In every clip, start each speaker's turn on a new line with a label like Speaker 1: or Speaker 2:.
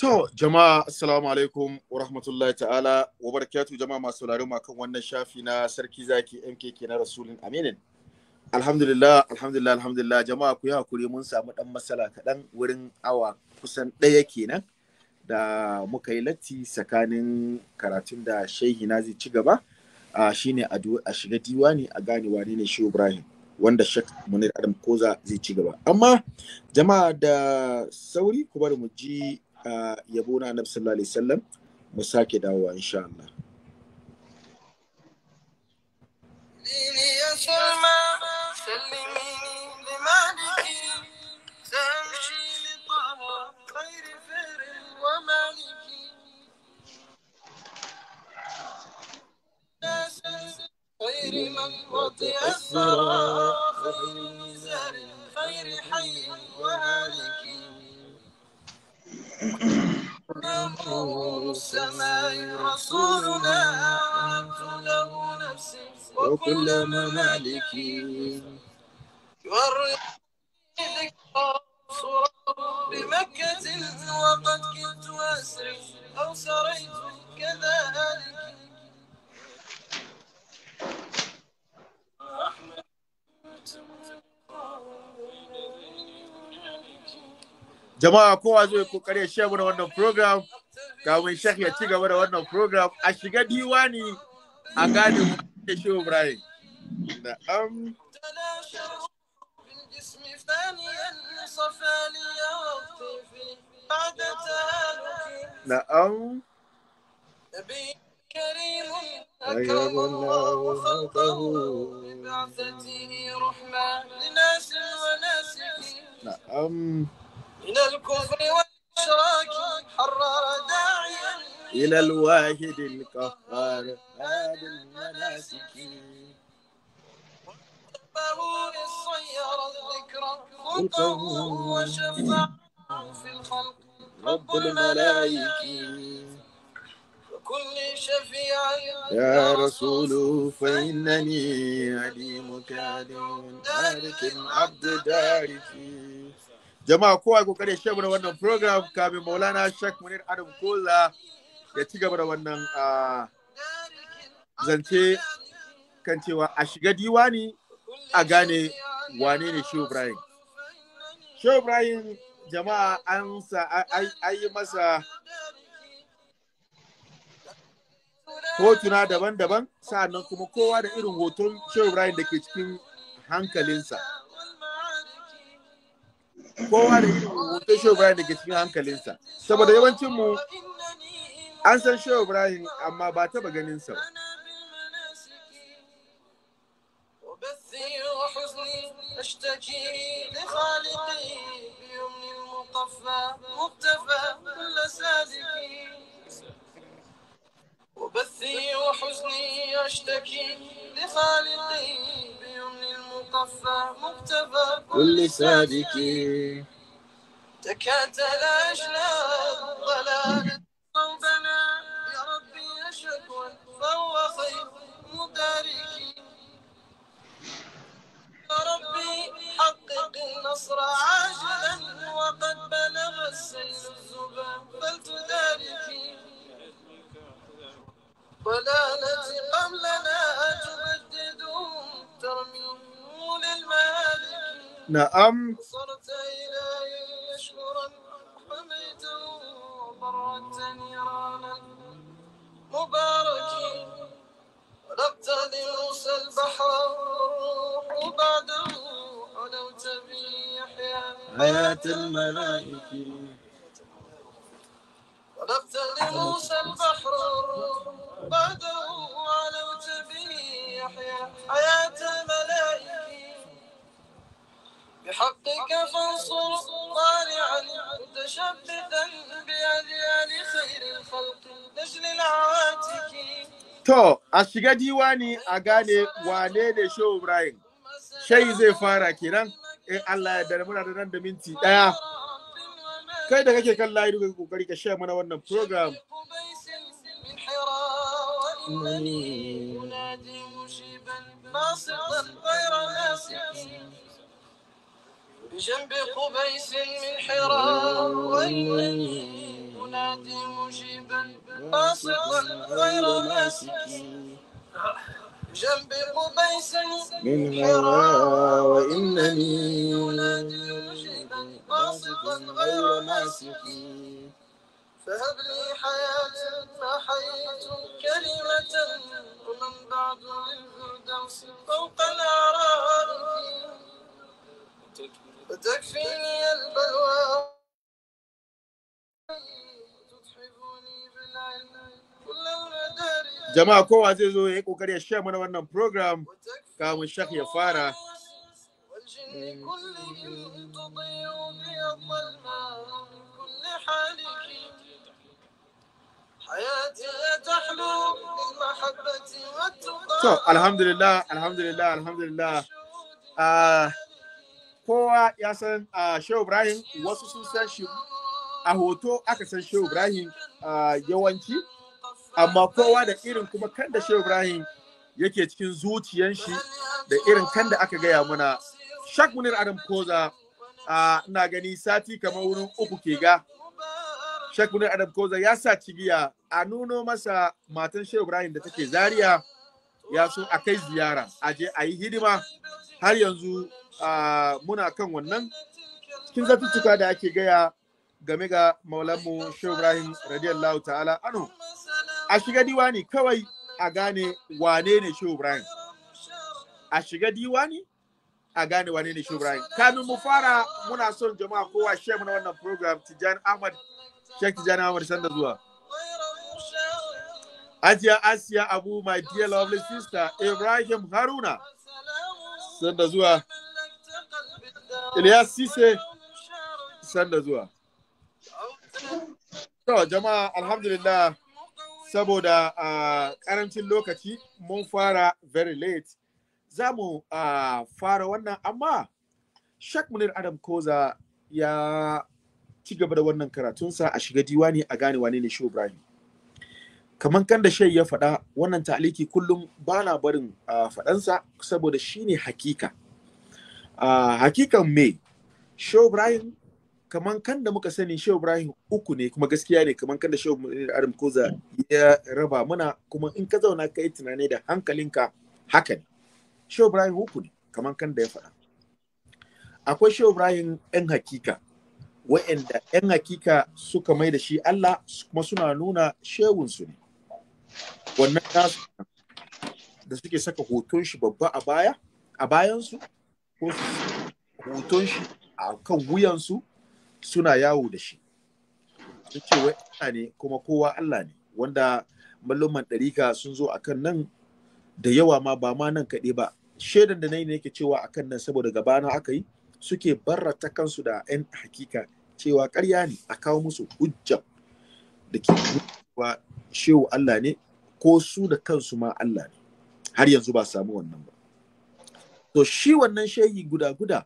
Speaker 1: To, jama'a assalamu alaikum wa rahmatullahi ta'ala wa barakatu jama'a masu sauraro kan wannan shafi na sarki zaki MKK na Rasulun Aminin. Alhamdulillah, alhamdulillah, alhamdulillah jama'a ku yi hakuri mun samu ɗan masala kaɗan wurin awa kusan ɗaya kenan da muka yi latti tsakanin karatun da shehi na zai ci gaba a shine a shiga diwani a gane wane ne shi Ibrahim wanda shek Munir Adam Koza zai ci gaba. Amma jama'a da sauri ku bari mu ji آه، يبونا النبي صلى الله عليه وسلم مساكي دعوة إن شاء الله
Speaker 2: خير من وطي الثرى خير زار خير حي وهالكي نور السماء رسولنا وعبت له نفسي وكل ممالكي والرضا بمكة وقد كنت أسري أو سريت كذلك رحمة الله
Speaker 1: jama'a kowa zai kokari ya share mana wannan program ga mai shek ya ci gaba da wannan program a shiga diwani a gane da shi Ibrahim da am نعم
Speaker 2: نبي من الكفر والإشراك حرر داعيا إلى
Speaker 1: الواحد القهار
Speaker 2: هذا المناسك الصير الذكرى خلقه وشفعه في الخلق رب
Speaker 1: الملائكة
Speaker 2: وكل شفيع
Speaker 1: يا رسول فإنني عليمك عليم مالك عبد داركي jama'a kowa kokari shi shebura wannan program kamin maulana shek munir adam kola ya ci gaba da wannan zance kan cewa a shiga diwani a gane wane ne shi ibrahim shi ibrahim jama'a an sa an yi masa hotuna daban-daban sa'annan kuma kowa da irin hoton shi ibrahim da ke cikin hankalinsa kowa da irin hoton shehu ibrahim da ke cikin hankalinsa saboda yawancin mu an san shehu ibrahim amma ba taba ganin sa
Speaker 2: وبثي وحزني أشتكي لخالقي المطفى كل سادكي تكاد الأجلال ضلالة صوبنا يا ربي اشكو فهو خير مباركي يا ربي حقق النصر عاجلا وقد بلغ السيل الزبا فلتداركي ضلالة قبلنا تبدد ترميم
Speaker 1: نعم وصرت إلهي أشكرا حميته
Speaker 2: نيرانا مباركين البحر والروح بعده به يحيى حياة الملائكة طلبت لموسى البحر بعده علوت به يحيى حياة ملائكي بحقك فانصر طالعا متشبثا بأجيال خير الخلق لأجل العواتك
Speaker 1: To, a shiga diwani a gane wane ne Shehu Ibrahim, shai zai fara kenan, in Allah ya dare muna da nan da minti ɗaya. kai da kake kan layi duka kokari ka share mana wannan program
Speaker 2: بجنب قبيس من حراء وإنني أنادي مجيبا باسطا غير ماسك جنب قبيس من هوى
Speaker 1: وإنني ينادي
Speaker 2: شيئا واثقا غير ماسقي فهب لي حياة أحييت كلمة ومن بعد للفردوس فوق الأعراب وتكفيني البلوى jama'a
Speaker 1: kowa zai zo ya yi kokari ya share mana wannan program kamun shak ya fara So, alhamdulillah, alhamdulillah, alhamdulillah. Uh, kowa ya san uh, ah, Shehu Ibrahim, wasu sun san shi a hoto aka san Shehu Ibrahim uh, yawanci. amma kowa da irin kuma kan da shehu ibrahim yake cikin zuciyan shi da irin kan da aka gaya muna shak munir adam koza a na gani sati kamar wurin uku ke ga shak munir adam koza ya sa cibiya a nuno masa matan shehu ibrahim da take Zariya ya so a kai ziyara a je a yi hidima har yanzu muna kan wannan cikin zafi da ake gaya game ga maulanmu shehu ibrahim radiyallahu ta'ala ano a shiga diwani kawai a gane wane ne shi Ibrahim a shiga diwani a gane wane ne shi Ibrahim kamin mu fara muna son jama'a kowa share mana wannan program Tijan Ahmad Sheikh Tijan Ahmad sanda zuwa Ajiya Asiya Abu my dear lovely sister Ibrahim Haruna sanda zuwa Ilyas Sise sanda zuwa To jama'a alhamdulillah saboda a karancin lokaci mun fara very late za mu fara wannan amma shak munir adam koza ya ci gaba da wannan karatunsa a shiga diwani a gane wane ne shi ibrahim kamar kan da shai ya faɗa wannan ta'aliki kullum ba na barin faɗansa saboda ne hakika hakikan me shi ibrahim kamar kan da muka sani shehu ibrahim uku ne kuma gaskiya ne kamar kan da shehu adam koza ya raba mana kuma in ka zauna ka yi tunani da hankalinka haka ne shehu ibrahim uku ne kamar kan da ya faɗa akwai shehu ibrahim yan hakika wa'anda yan hakika suka mai da shi allah kuma suna nuna shehunsu ne wannan nasu da suke saka hoton shi babba a baya a bayansu ko hoton shi a kan wuyansu suna yawo da shi sun ce wai Allah ne kuma kowa Allah ne wanda malluman ɗarika sun zo akan nan da yawa ma ba ma nan kaɗai ba shaidan da nayi ne yake cewa akan nan saboda gabana aka yi suke barrata kansu da 'yan hakika cewa ƙarya ne a kawo musu hujja da ke cewa shehu Allah ne ko su da kansu ma Allah ne har yanzu ba samu wannan ba to shi wannan shehi guda-guda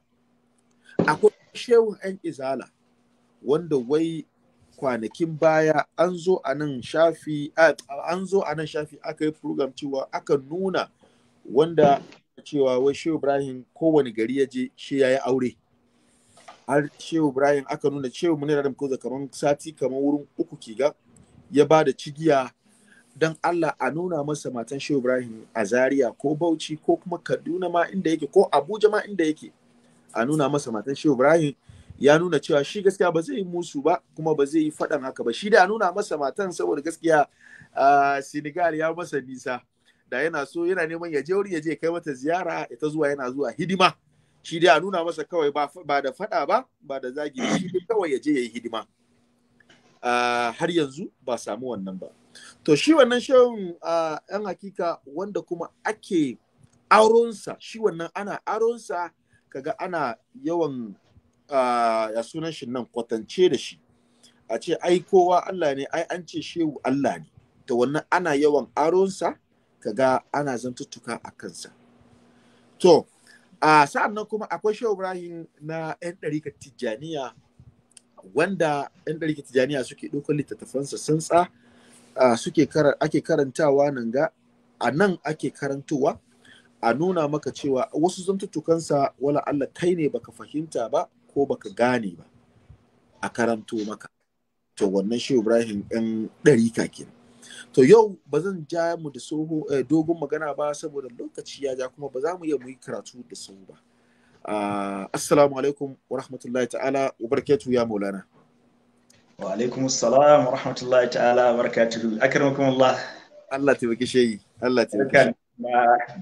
Speaker 1: akwai shehun 'yan izala wanda wai kwanakin baya an zo a nan shafi an zo a nan shafi aka yi program cewa aka nuna wanda cewa wai shehu ibrahim kowane gari ya je shi ya yi aure har shehu ibrahim aka nuna shehu munira da muka kamar sati kamar wurin uku kiga ya ba da cigiya don allah a nuna masa matan shehu ibrahim a zaria ko bauchi ko kuma kaduna ma inda yake ko abuja ma inda yake a nuna masa matan shehu ibrahim ya nuna cewa shi gaskiya ba zai yi musu ba kuma ba zai yi faɗan haka ba shi da nuna masa matan saboda gaskiya Senegal ya masa nisa da yana so yana neman ya je yaje ya je kai mata ziyara ya ta zuwa yana zuwa hidima shi da nuna masa kawai ba da faɗa ba ba da zagi shi dai kawai ya je ya yi hidima har yanzu ba samu wannan ba to shi wannan shan yan hakika wanda kuma ake auronsa shi wannan ana auronsa kaga ana yawan a sunan shi nan kwatance da shi a ce ai kowa Allah ne ai an ce shehu Allah ne to wannan ana yawan aronsa kaga ana zantuttuka a kansa to a sa'an nan kuma akwai shehu Ibrahim na 'yan ɗarika Tijjaniya wanda 'yan ɗarika Tijjaniya suke ɗaukar littattafansa santsa suke ake karantawa nan ga a nan ake karantowa a nuna maka cewa wasu zantuttukansa wala Allah kai ne baka fahimta ba ko baka gane ba a karanto maka to wannan shi ibrahim ɗan ɗarika ke to yau ba zan ja mu da soho eh, dogon magana ba saboda lokaci ya ja kuma ba za mu iya mu yi karatu da soho ba ah, assalamu alaikum wa rahmatullahi ta'ala wa barakatuhu ya maulana wa alaikum assalam wa
Speaker 3: rahmatullahi ta'ala wa barakatuhu kuma allah allah baki shayi allah baki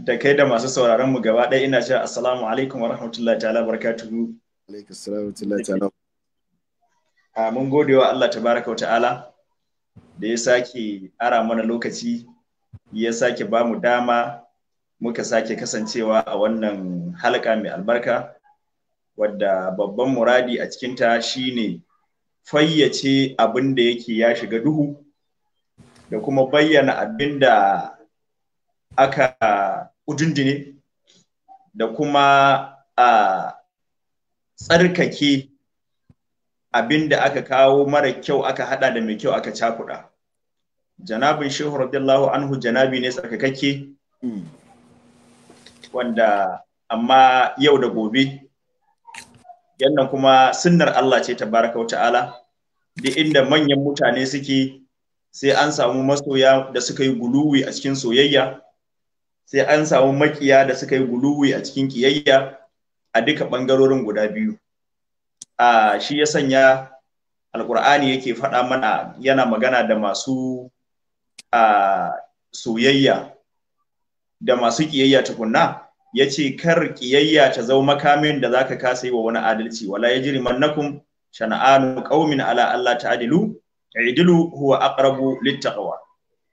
Speaker 3: da kai da masu sauraron mu gaba ɗaya ina cewa assalamu alaikum wa rahmatullahi ta'ala wa barakatuhu Alaikun ah, Mun gode wa Allah tabaraka wa ta'ala da ya sake ara mana lokaci ya sake ba mu dama muka sake kasancewa a wannan halka mai albarka wadda babban muradi a cikinta shine fayyace abin da yake ya shiga duhu da kuma bayyana abin da aka udundune da kuma a ah, tsarkake abin da aka kawo mara kyau aka hada da mai kyau aka cakuɗa janabin shehu radiyallahu anhu janabi ne tsarkakake. wanda amma yau da gobe yannan kuma sunnar Allah ce ta baraka wa ta'ala Da inda manyan mutane suke sai an samu masoya da suka yi guluwi a cikin soyayya sai an samu makiya da suka yi guluwi a cikin kiyayya a duka ɓangarorin guda biyu a shi ya sanya alkur'ani yake faɗa mana yana magana da masu a soyayya da masu ƙiyayya tukunna ya ce kar ƙiyayya ta zau makamin da zaka kasa yi wa wani adalci wala ya jiri mannakum shana'anu qaumin ala Allah ta'dilu idilu huwa aqrabu littaqwa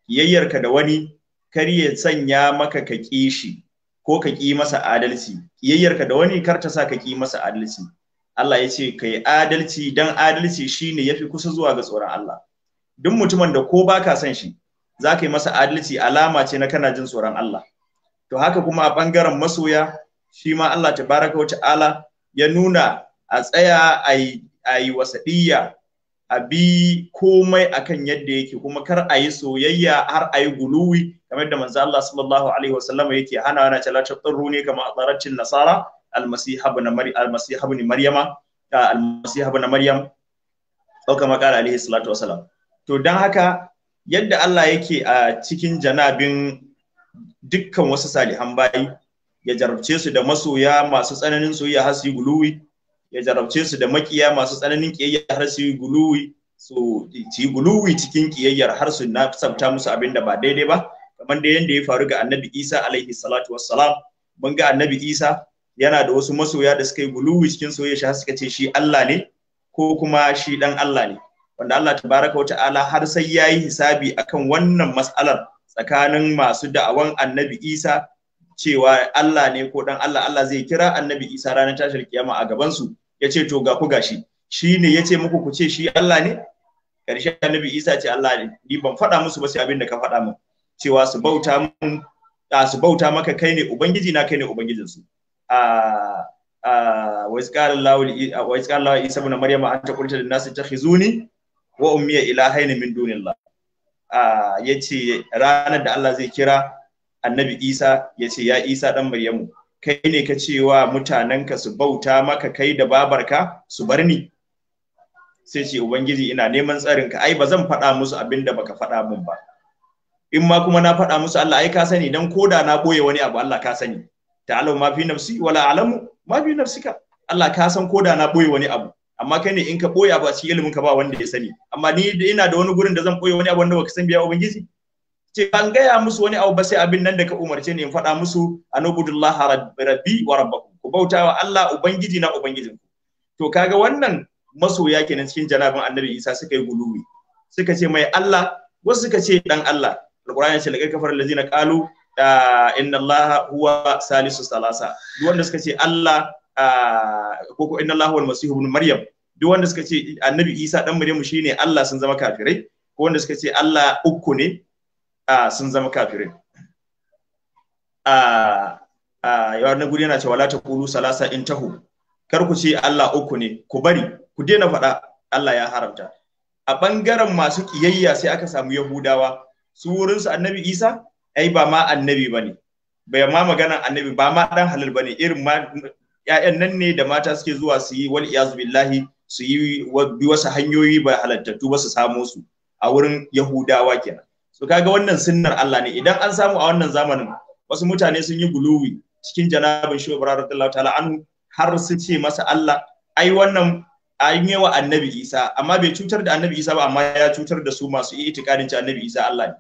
Speaker 3: ƙiyayyarka da wani kar ya sanya maka ka kishi ko ka ƙi masa adalci ƙiyayyarka da wani kar ta sa ka ƙi masa adalci Allah ya ce ka yi adalci dan adalci shine yafi kusa zuwa ga tsoron Allah duk mutumin da ko baka san shi za ka yi masa adalci alama ce na kana jin tsoron Allah to haka kuma a ɓangaren masoya shi ma Allah tabaraka wa ta'ala ya nuna a tsaya a yi wasaɗiyya a bi komai akan yadda yake kuma kar a yi soyayya har a yi guluwi kamar da manzo Allah sallallahu alaihi wasallam yake hana yana cewa tsarru ne kamar atsaracin nasara almasiha ibn maryam almasiha ibn maryama almasiha ibn maryam dauka makara alaihi salatu wasallam to dan haka yadda Allah yake a cikin janabin dukkan wasu salihan bayi ya jarabce su da masoya masu tsananin soyayya har su yi guluwi ya jarabce su da makiya masu tsananin kiyayya har su yi guluwi su yi guluwi cikin kiyayyar har su na sabta musu abin da ba daidai ba kamar da yadda ya faru ga annabi isa alaihi salatu wassalam mun ga annabi isa yana da wasu masoya da suka yi guluwi cikin soyayya shi har suka ce shi allah ne ko kuma shi dan allah ne wanda allah tabaraka wa ta'ala har sai yayi hisabi akan wannan mas'alar tsakanin masu da'awan annabi isa cewa Allah ne ko dan Allah Allah zai kira annabi Isa ranar tashar kiyama a gaban su ya ce to ga ku gashi shi ne ya ce muku ku ce shi Allah ne ƙarshen annabi isa ce Allah ne ni ban faɗa musu ba sai abin da ka faɗa min cewa su bauta mun su bauta maka kai ne ubangiji na kai ne ubangijinsu a wa isqala Allah isa ibn maryama anta qulta lin nasi takhizuni wa ummi ilahaini min dunillah yace ranar da Allah zai kira annabi Isa yace ya Isa dan Maryamu kai ne ka cewa mutanenka su bauta maka kai da babarka su bar ni sai ce ubangiji ina neman tsarinka ai ba zan faɗa musu abin da baka faɗa min ba in ma kuma na faɗa musu Allah ai ka sani dan koda na boye wani abu Allah ka sani ta'alu ma fi nafsi wala alamu ma fi nafsika Allah ka san koda na boye wani abu amma kai ne in ka boye abu a cikin ilimin ka ba wanda ya sani amma ni ina da wani gurin da zan boye wani abu wanda baka san biya ubangiji ce ban gaya musu wani abu ba sai abin nan da ka umarce ni in faɗa musu anubudullaha rabbi wa rabbakum ku bautawa Allah ubangiji na ubangijinku to kaga wannan masoya kenan cikin janabin annabi Isa suka yi guluwi suka ce mai Allah wasu suka ce dan Allah alqur'ani ya ce lakai kafar lazina qalu ah, inna Allah huwa salisu salasa duk wanda suka ce Allah ah, ko ko inna Allah huwa masih ibn maryam duk wanda suka ce annabi Isa dan Maryamu shine Allah sun zama kafirai ko wanda suka ce Allah uku ne Ah, sun zama kafirin a ah, ah, yawar na guri yana cewa la kulu salasa in tahu kar ku ce Allah uku ne ku bari ku daina faɗa Allah ya haramta a ɓangaren masu ƙiyayya sai aka samu yahudawa su wurinsu annabi isa ai ba ma annabi ba ne bai ma magana annabi ba ma ɗan halal ba ne irin ma ‘ya'yan nan ne da mata suke zuwa su yi wal iyazu billahi su yi bi wasu hanyoyi ba halattattu ba su samo su a wurin yahudawa kenan so kaga wannan sunnar Allah ne idan an samu a wannan zamanin wasu mutane sun yi guluwi cikin janabin shi Ibrahim ta'ala anhu har su ce masa Allah ai wannan ai yi wa annabi Isa amma bai cutar da annabi Isa ba amma ya cutar da su masu itikadin cewa annabi Isa Allah ne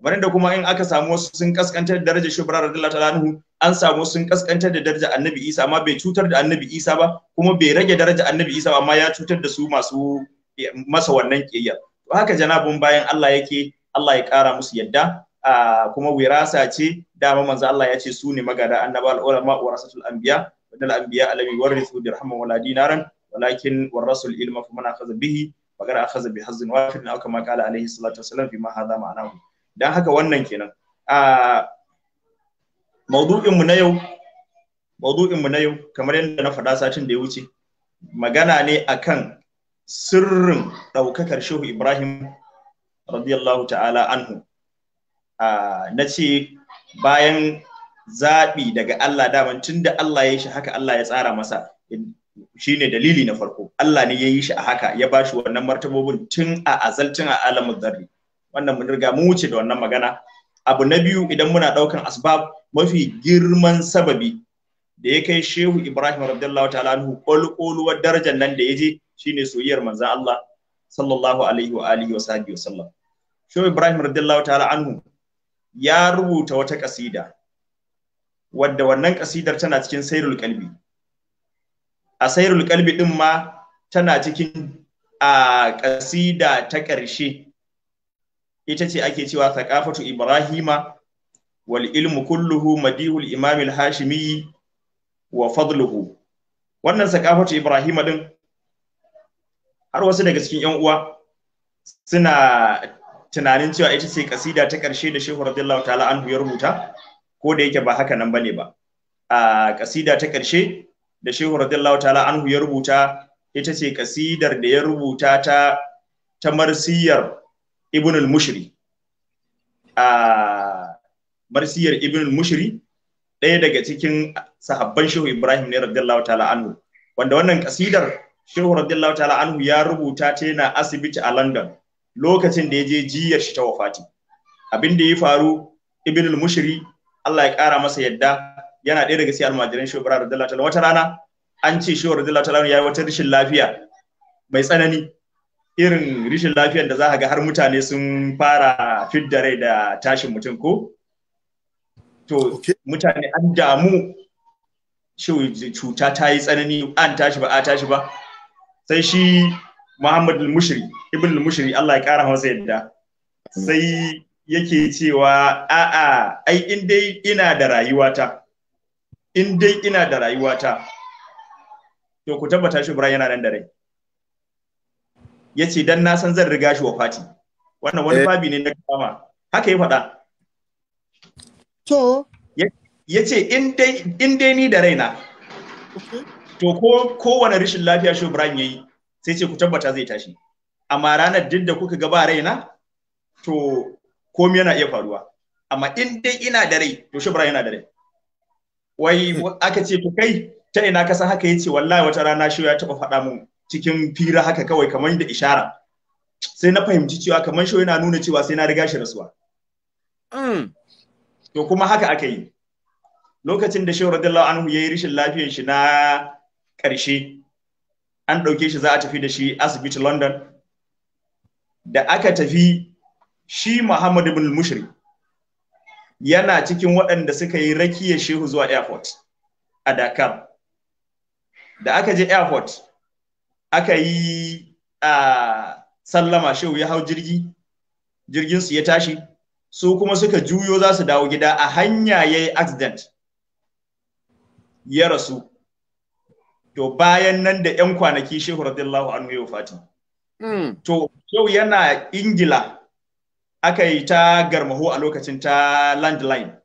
Speaker 3: bari da kuma in aka samu wasu sun kaskantar da darajar shi Ibrahim ta'ala anhu an samu sun kaskantar da darajar annabi Isa amma bai cutar da annabi Isa ba kuma bai rage darajar annabi Isa ba amma ya cutar da su masu masa wannan kiyayya to haka janabun bayan Allah yake Allah ya ƙara musu yadda kuma wirasa ce dama manzo Allah ya ce su ne magada annabal ulama wa rasatul anbiya wadal anbiya alami warithu dirhaman wala dinaran walakin warasul ilma faman akhadha bihi faqad akhadha bi hazzin wafin, na kama qala Alayhi salatu wasalam fi ma hadha dan haka wannan kenan a maudu'in mu na yau maudu'in mu na yau kamar yadda na faɗa satin da ya wuce magana ne akan sirrin ɗaukakar Shehu Ibrahim radiyallahu ta'ala anhu na ce bayan zaɓi daga Allah daman tun da Allah ya yi shi haka Allah ya tsara masa shi ne dalili na farko Allah ne ya yi shi a haka ya ba shi wannan martabobin tun a azaltun tun a alamun zarri wannan mun riga mu wuce da wannan magana abu na biyu idan muna ɗaukan asbab mafi girman sababi da ya kai shehu ibrahim radiyallahu ta'ala anhu darajar nan da ya je shine soyayyar manzon Allah Shehu Ibrahim radiyallahu ta'ala anhu ya rubuta wata kasida wadda wannan kasidar tana cikin sairul kalbi a sairul kalbi din ma tana cikin a kasida ta ƙarshe ita ce ake cewa thaqafatu ibrahima wal ilmu kulluhu madihul imam al hashimi wa fadluhu wannan thaqafatu ibrahima din har wasu daga cikin yan uwa suna tunanin cewa ita ce kasida ta ƙarshe da Shehu radiyallahu ta'ala anhu ya rubuta ko da yake ba haka nan bane ba a kasida ta ƙarshe da Shehu radiyallahu ta'ala anhu ya rubuta ita ce kasidar da ya rubuta ta ta marsiyar Ibn al-Mushri a marsiyar Ibn al-Mushri ɗaya daga cikin sahabban Shehu Ibrahim ne radiyallahu ta'ala anhu wanda wannan kasidar Shehu radiyallahu ta'ala anhu ya rubuta ta yana asibiti a London lokacin da ya je jiyar shi ta wafati abin da ya faru ibn al-mushri Allah ya kara masa yadda yana ɗaya daga cikin almajiran shi Ibrahim ta'ala wata rana an ce shi radiyallahu ta'ala yayi wata rishin lafiya mai tsanani irin rishin lafiyar da za ga har mutane sun fara fidda rai da tashin mutum ko to mutane an damu shi cuta ta yi tsanani an tashi ba a tashi ba sai shi muhammadul mushri ibn al-mushri Allah ya kara masa yadda sai yake cewa a'a ai in dai ina da rayuwata in dai ina da rayuwata to ku tabbata shi Ibrahim yana nan da rai yace dan na san zan riga shi wa Fati. wannan wani eh. babi ne na kama haka ya faɗa to yace in dai in dai ni da raina to ko kowane rashin lafiya shi Ibrahim yayi sai ce ku tabbata zai tashi amma ranar duk da kuka ga raina to komai yana iya faruwa amma in dai ina da rai to shubra yana da rai wai aka ce to kai ta ina ka san haka yace wallahi wata rana shi ya taba faɗa mun cikin fira haka kawai kamar da ishara sai na fahimci cewa kamar shi yana nuna cewa sai na riga shi rasuwa mm. to kuma haka aka yi lokacin da shehu radiyallahu anhu yayi rishin lafiyar shi na ƙarshe an ɗauke shi za a tafi da shi asibiti London da aka tafi shi Muhammad ibn Mushri yana cikin waɗanda suka yi rakiya shehu zuwa airport a Dakar. Da aka je airport aka yi a sallama shehu ya hau jirgi, su ya tashi, su kuma suka juyo za su dawo gida a hanya ya yi accident ya rasu. To bayan nan da ‘yan kwanaki shehu radiyallahu anhu ya Fatima. Hmm. To, yau yana Ingila aka yi ta garmaho a lokacin ta landline.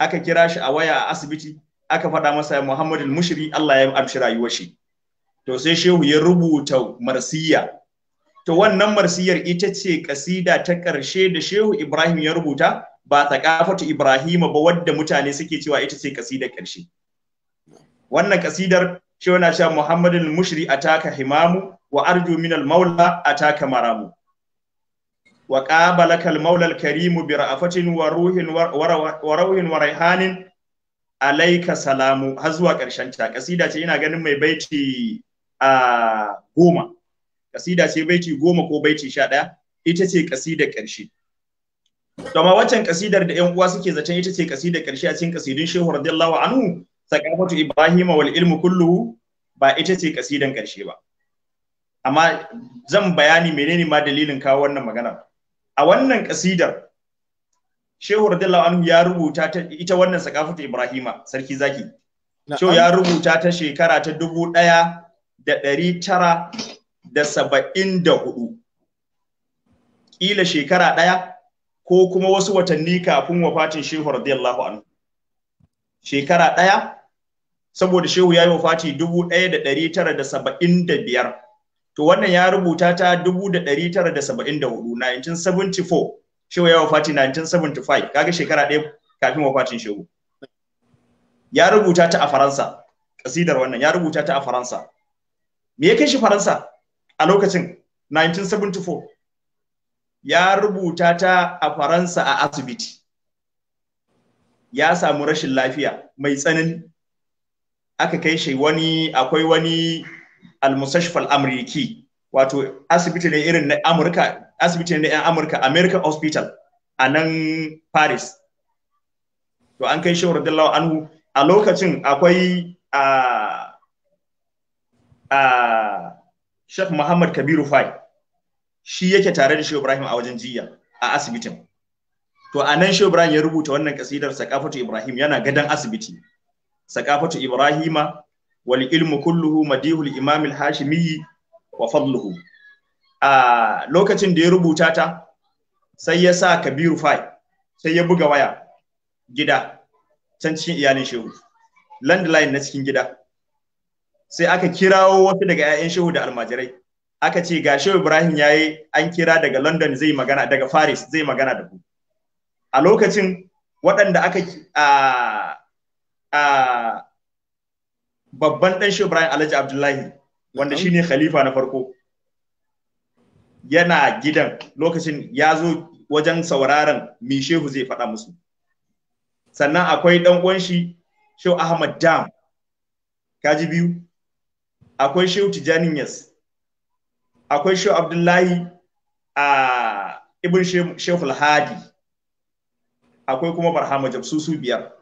Speaker 3: Aka kira shi a waya a asibiti, aka faɗa masa Muhammadu Mushiri Allah ya amshi rayuwar shi. To sai shehu ya rubuta marsiya. To wannan marsiyar ita ce kasida ta ƙarshe da shehu Ibrahim ya rubuta ba ta kafatu Ibrahim ba wadda mutane suke cewa ita ce kasidar ƙarshe. Wannan kasidar shehu na sha Mushiri a taka himamu wa arju min al-maula ataka maramu wa qabalaka al-maula al-karim bi ra'afatin wa ruhin wa wa raihanin alayka salamu har zuwa karshen ta kasida ce ina ganin mai baiti a goma kasida ce baiti goma ko baiti sha ita ce kasida ƙarshe Dama waccan kasidar da 'yan uwa suke zaton ita ce kasidar karshe a cikin kasidun Shehu radiyallahu anhu sakafatu ibrahima wal ilmu kulluhu ba ita ce kasidan karshe ba. amma zan bayani menene ma dalilin kawo wannan magana a wannan kasidar shehu radiyallahu anhu ya rubuta ta ita wannan sakafatu ibrahima sarki zaki shehu ya rubuta ta shekara ta dubu ɗaya da ɗari tara da saba'in da hudu ƙila shekara ɗaya ko kuma wasu watanni kafin wafatin shehu radiyallahu anhu shekara ɗaya saboda shehu ya yi wafati dubu ɗaya da ɗari tara da saba'in da biyar to wannan ya rubuta ta 1974 1974 shehu ya wafati 1975 kaga shekara ɗaya kafin wafatin shehu ya rubuta ta a faransa ƙasidar wannan ya rubuta ta a faransa me ya kai shi faransa a lokacin 1974 ya rubuta ta a faransa a asibiti ya samu rashin lafiya mai tsanani aka kai shi wani akwai wani al-mustashfa al-amriki wato asibiti ne irin na Amurka asibiti ne yan Amurka American Hospital a nan Paris to an kai shehu radiyallahu anhu a lokacin akwai a a Sheikh Muhammad Kabiru Fai shi yake tare da Shehu Ibrahim a wajen jiya a asibitin to a nan Shehu Ibrahim ya rubuta wannan kasidar Sakafatu Ibrahim yana gadan asibiti Sakafatu Ibrahima wal ilmu kulluhu madihul imam al-hashimi wa fadluhu a lokacin da ya rubuta ta sai ya sa kabiru fai sai ya buga waya gida can cikin iyalin shehu landline na cikin gida sai aka kirawo wasu daga 'ya'yan shehu da almajirai aka ce ga shehu ibrahim ya yi an kira daga london zai magana daga paris zai magana da ku a lokacin waɗanda aka a, a babban ɗan shi Ibrahim Alhaji Abdullahi wanda shi ne khalifa na farko yana gidan lokacin ya zo wajen sauraron mi shehu zai faɗa musu sannan akwai ɗan uwan shi Shehu Ahmad Dam kaji biyu akwai Shehu Tijani Yas akwai Shehu Abdullahi a Ibn Shehu Hadi akwai kuma Barhama Jabsu su biyar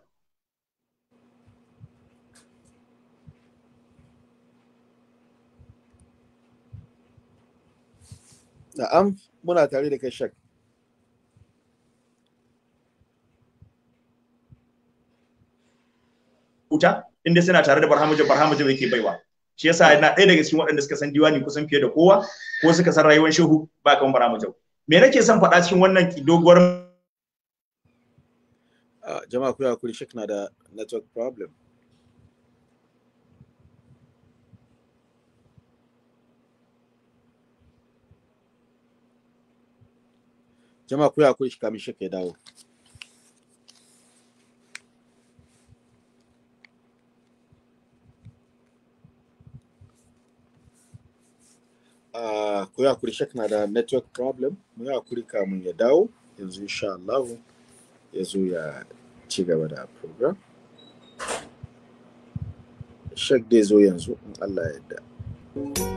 Speaker 1: Na'am, muna tare da kai shak.
Speaker 3: Wuta, inda suna tare da barhamajin barhamajin da yake baiwa. Shi yasa na ɗaya daga cikin waɗanda suka san diwani kusan fiye da kowa ko suka san rayuwar shehu ba kan barhamajin. Me nake son faɗa cikin wannan doguwar ah, jama'a ku
Speaker 1: ya kuri shek na da network problem. jama ku ya ku shi kamin shi kai dawo ah, ku ya hakuri shek na da network problem mu yi hakuri kamun ya dawo yanzu insha Allah ya zo ya ci gaba da program shek dai zo yanzu in Allah ya yarda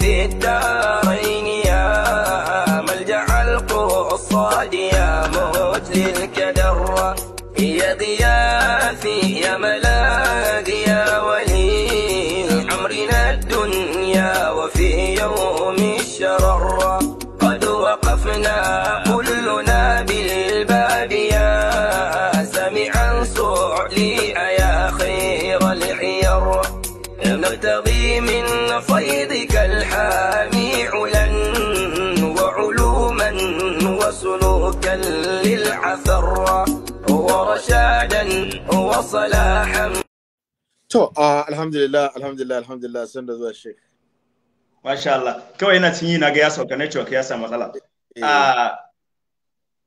Speaker 4: في الدارين يا ملجأ القصاد يا موت للكدر يا غياثي يا ملاذي يا ولي عمرنا الدنيا وفي يوم الشرر
Speaker 3: وصلاحا To, uh, alhamdulillah, alhamdulillah, alhamdulillah, sun da zuwa shek. Masha Allah, kawai yana cin yi na ga ya sauka network ya samu matsala.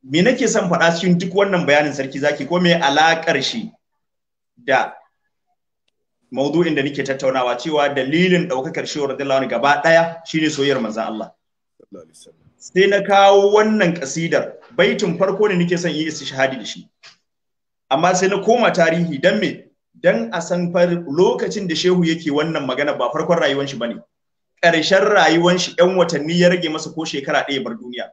Speaker 3: Me nake son faɗa cikin duk wannan bayanin sarki zaki ko me alaƙar shi da maudu'in da nake tattaunawa cewa dalilin ɗaukakar shi radiyallahu anhu gaba ɗaya shine soyayyar manzon Allah. Sai na kawo wannan kasidar baitin farko ne nake son yi istishhadi da shi. amma sai na koma tarihi dan me dan a san lokacin da shehu yake wannan magana ba farkon rayuwar shi bane ƙarshen rayuwar shi ɗan watanni ya rage masa ko shekara ɗaya bar duniya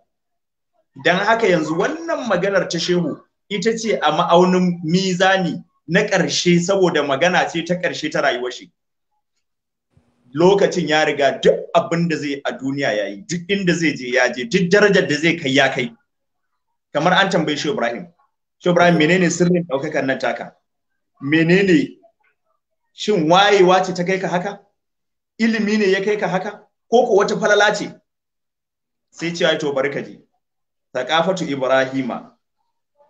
Speaker 3: dan haka yanzu wannan maganar ta shehu ita ce a ma'aunin mizani na ƙarshe saboda magana ce ta ƙarshe ta rayuwar shi lokacin ya riga duk abin da zai a duniya yayi duk inda zai je ya je duk darajar da zai kai ya kai kamar an tambaye shi Ibrahim Shi Ibrahim menene sirrin ɗaukakar nan taka? Menene shin wayewa ce ta kai ka haka? Ilimi ne ya kai ka haka? Ko ko wata falala ce? Sai ce to bari ka je Thaqafatu Ibrahima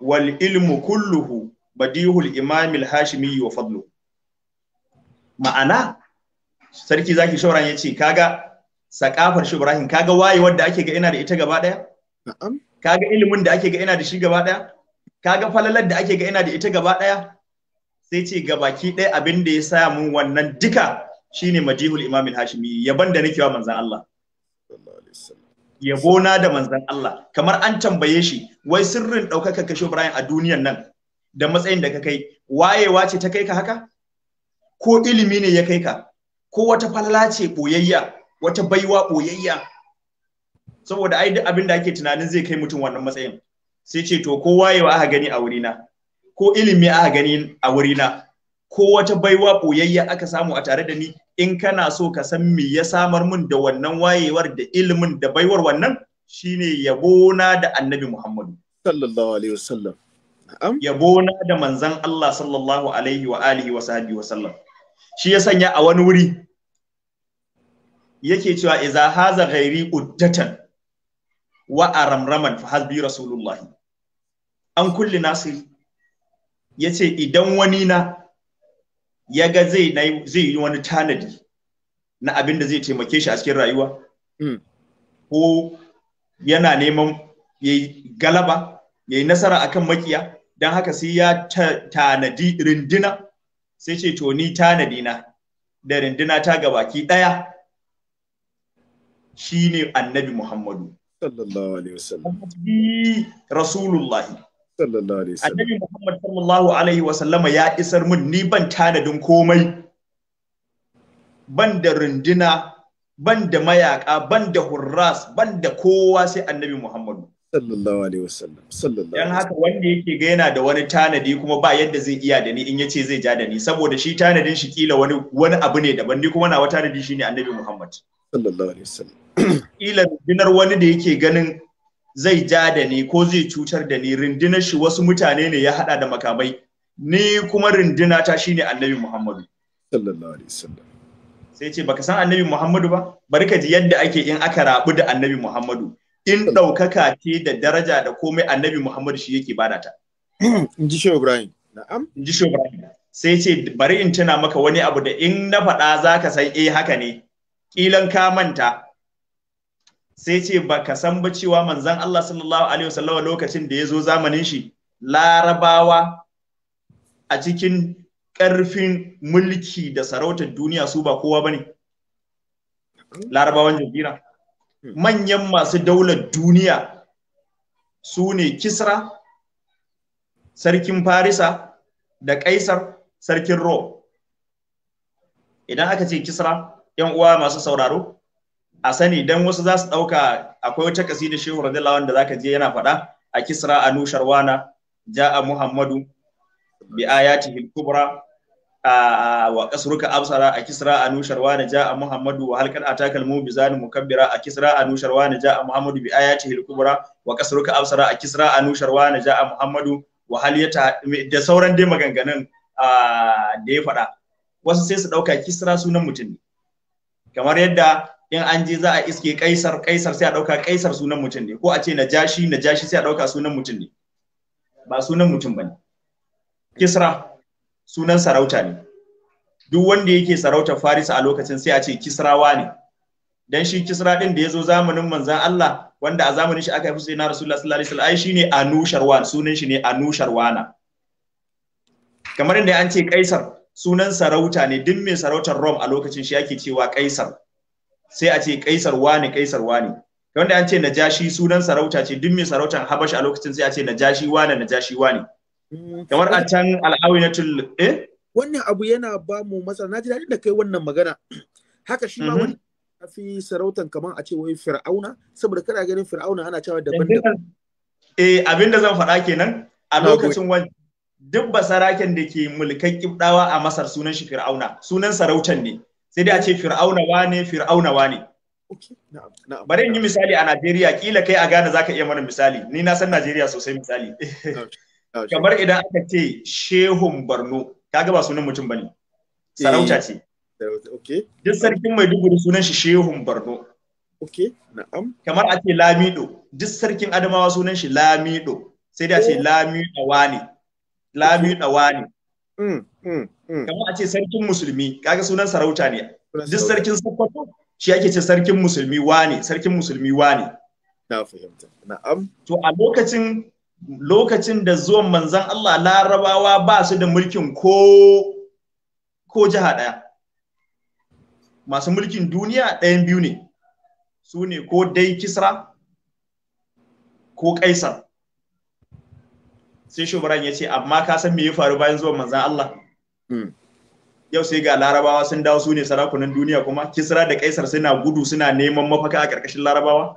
Speaker 3: wal ilmu kulluhu badihul imamil hashimi wa fadlu. Ma'ana sarki zaki shauran ya ce kaga sakafar shi Ibrahim kaga wayewar da ake ga ina da ita gaba daya? Kaga ilimin da ake ga ina da shi gaba daya? kaga falalar da ake ga ina da ita gaba ɗaya sai ce ga baki ɗaya abin da ya sa mun wannan duka shine majihul imam hashimi yaban da nake wa manzan Allah yabo na da manzan Allah kamar an tambaye shi wai sirrin ɗaukaka kashe Ibrahim a duniyan nan da matsayin da ka kai wayewa ce ta kai ka haka ko ilimi ne ya kai ka ko wata falala ce boyayya wata baiwa boyayya saboda ai duk abin da ake tunanin zai kai mutum wannan matsayin sai ce to ko wayewa aka gani a wurina ko ilimi aka gani a wurina ko wata baiwa boyayya aka samu a tare da ni in kana so ka san me ya samar mun da wannan wayewar da ilimin da baiwar wannan shine yabona da annabi Muhammadu sallallahu alaihi wasallam yabona da manzon Allah sallallahu alaihi wa alihi wa sahbihi wa shi ya sanya a wani wuri yake cewa iza haza ghairi uddatan wa aramraman fa hasbi rasulullahi an kulli nasiri ya ce idan wani na ya ga zai yi wani tanadi na abin da zai taimake shi a cikin rayuwa hmm. ko yana neman ya yi galaba ya yi nasara akan makiya don haka sai ya tanadi rindina sai ce to ni tanadi na da rindina ta gabaki ɗaya ne annabi muhammadu sallallahu alaihi wasallam rasulullahi sallallahu alaihi wasallam annabi Muhammad sallallahu alaihi sallama ya isar min ni ban tanadin komai ban da runduna ban da mayaka ban da hurras ban da kowa sai annabi Muhammadu sallallahu alaihi sallam. sallallahu dan haka wanda yake ga yana da wani tanadi kuma ba yadda zai iya da ni in yace zai ja da ni saboda shi tanadin shi kila wani wani abu ne daban ni kuma nawa tanadi shine annabi Muhammad
Speaker 1: sallallahu alaihi sallam.
Speaker 3: kila rundunar wani da yake ganin zai ja da ni ko zai cutar da ni rundunar shi wasu mutane ne ya hada da makamai ni kuma rindina ta shine annabi Muhammadu sallallahu alaihi wasallam sai ce baka san annabi Muhammadu ba bari ka ji yadda ake in aka rabu da annabi Muhammadu in daukaka ce da daraja da komai annabi Muhammadu shi yake bada ta in ji Shehu Ibrahim na'am in ji Shehu Ibrahim sai ce bari in tuna maka wani abu da in na faɗa zaka san eh haka ne kilan ka manta sai ce ba ka san ba cewa manzan Allah sallallahu alaihi wasallam lokacin da ya zo zamanin shi larabawa a cikin ƙarfin mulki da sarautar duniya su ba kowa ba ne larabawan jazira manyan masu daular duniya su ne kisra sarkin farisa da kaisar sarkin ro idan aka ce kisra yan uwa masu sauraro a sani don wasu za su ɗauka akwai wata kasida shehu radiyallahu anhu da zaka je yana faɗa a kisra anu ja ja'a muhammadu bi ayatihi al-kubra wa kasruka absara a kisra anu ja ja'a muhammadu wa halkan atakal mu bi bizan mukabbira a kisra anu ja ja'a muhammadu bi ayatihi al-kubra wa kasruka absara a kisra anu ja ja'a muhammadu wa hal da sauran dai maganganun da ya faɗa wasu sai su ɗauka kisra sunan mutum kamar yadda in an je za a iske kaisar kaisar sai a dauka kaisar sunan mutum ne ko a ce najashi najashi sai a dauka sunan mutum ne ba sunan mutum bane kisra sunan sarauta ne duk wanda yake sarautar Faris a lokacin sai a ce kisrawa ne dan shi kisra din da yazo zamanin manzon Allah wanda a zamanin shi aka haifi sai na rasulullah sallallahu alaihi wasallam shine anusharwan sunan shi ne anusharwana kamar inda an ce kaisar sunan sarauta ne duk mai sarautar rom a lokacin shi yake cewa kaisar sai a ce kaisar wane kaisar wane wanda an ce najashi sunan sarauta ce duk mai sarautan habashi a lokacin sai a ce najashi wane najashi wane mm. kamar a can al'awinatul eh
Speaker 1: wannan abu yana ba mu matsala na ji daɗin da kai wannan magana haka shi ma mhm. wani fi sarautan kamar a ce wai fir'auna saboda kana ganin fir'auna ana cewa daban-daban
Speaker 3: eh abinda zan faɗa kenan a lokacin wani duk basaraken da ke mulkan kibdawa a masar sunan shi fir'auna sunan sarautan ne sai dai a ce fir'auna wane fir'auna wane bari in yi misali a Najeriya kila kai a Ghana zaka iya mana misali ni na san Najeriya sosai misali kamar idan aka ce shehun barno kaga ba sunan mutum bane sarauta eh, ce duk sarkin Maiduguri sunan shi shehun barno kamar a ce Lamido duk sarkin Adamawa sunan shi Lamido sai dai a ce oh. Lamido wane Lamido wane mm, mm. Hmm. kamar a ce sarkin musulmi kaga sunan sarauta ne duk sarkin sokoto shi ake ce sarkin musulmi wane sarkin musulmi wane na fahimta na'am to a lokacin lokacin da zuwan manzan Allah larabawa ba su da mulkin ko ko jiha ɗaya masu mulkin duniya ɗayan biyu ne su ne ko dai kisra ko kaisar sai shubaran ya ce amma ka san me ya faru bayan zuwan manzan Allah Mm. yau sai ga larabawa sun dawo su ne sarakunan duniya kuma kisra da kaisar suna gudu suna neman mafaka a ƙarƙashin larabawa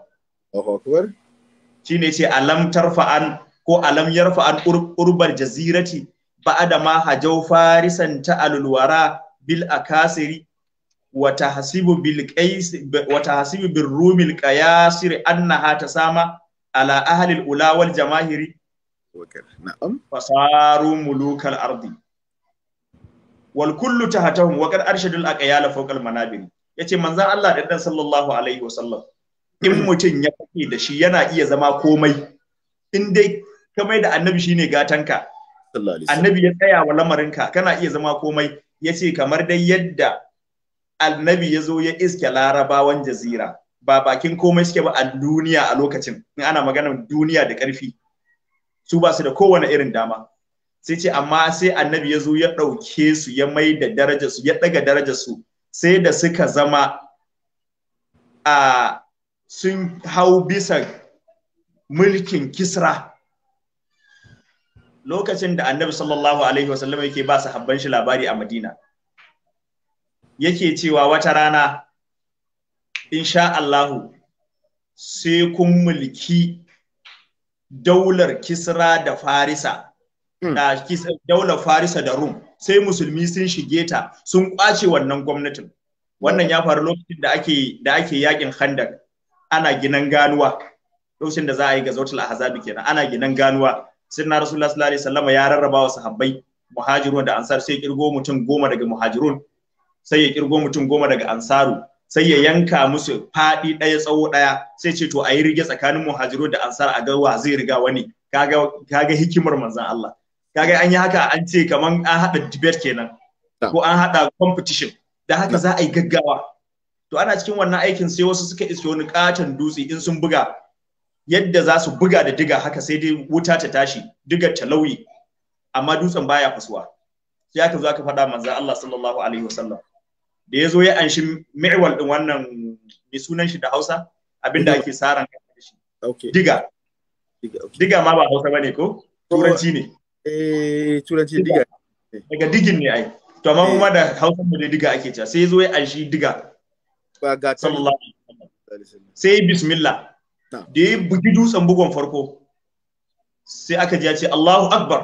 Speaker 3: shi ne ce alam tarfa'an ko alam yarfa'an urbar jazirati ba adama hajau farisan ta alulwara bil akasiri wata hasibu bil qais rumil qayasir annaha tasama ala ahalil ulawar ula wal jamahiri na'am fasaru mulukal ardi wal kullu tahatahum wa qad arshadul aqyal fawqa al manabir yace manzon Allah da dan sallallahu alaihi wasallam in mutum ya kake da shi yana iya zama komai in dai mai da annabi shine gatanka annabi ya tsaya wa lamarinka kana iya zama komai yace kamar dai yadda annabi ya zo ya iske larabawan jazira ba bakin komai suke ba a duniya a lokacin in ana maganar duniya da ƙarfi su ba su da kowane irin dama sai ce amma sai annabi ya zo ya ɗauke su ya mai da daraja su ya ɗaga daraja su sai da suka zama a sun hau bisa mulkin kisra lokacin da annabi sallallahu alaihi wasallam yake ba su habban shi labari a madina yake cewa wata rana insha Allahu sai kun mulki daular kisra da farisa Hmm. da daular Farisa da Rum sai musulmi sun shige ta sun kwace wannan gwamnatin wannan ya faru lokacin da ake da ake yakin handa ana ginan ganuwa lokacin da za a yi gazotul ahzabi kenan ana ginan ganuwa na rasulullah sallallahu alaihi wasallam ya rarraba wa sahabbai muhajirun da ansar sai kirgo mutum goma daga muhajirun sai ya kirgo mutum goma daga ansaru sai ya yanka musu faɗi ɗaya tsawo ɗaya sai ce to a yi rige tsakanin muhajiru da ansar a ga wa zai riga wani kaga kaga hikimar manzon Allah kaga an yi haka an ce kamar an haɗa debate kenan ko an haɗa competition da haka za a yi gaggawa to ana cikin wannan aikin sai wasu suka iske wani katon dutse in sun buga yadda za su buga da diga haka sai dai wuta ta tashi diga ta lauyi amma dutsen baya fasuwa sai aka zo aka faɗa manzo Allah sallallahu alaihi wasallam da ya zo ya anshi mi'wal din wannan mai sunan shi da Hausa abinda ake saran shi diga diga ma ba Hausa bane ko turanci ne Eh, turanci diga daga digin ne ai to amma kuma eh. da hausa mu da diga ake cewa sai zo ya anshi diga ba ga sallallahu sai bismillah da ya bugi dutsen bugon farko sai aka ji ya ce Allahu akbar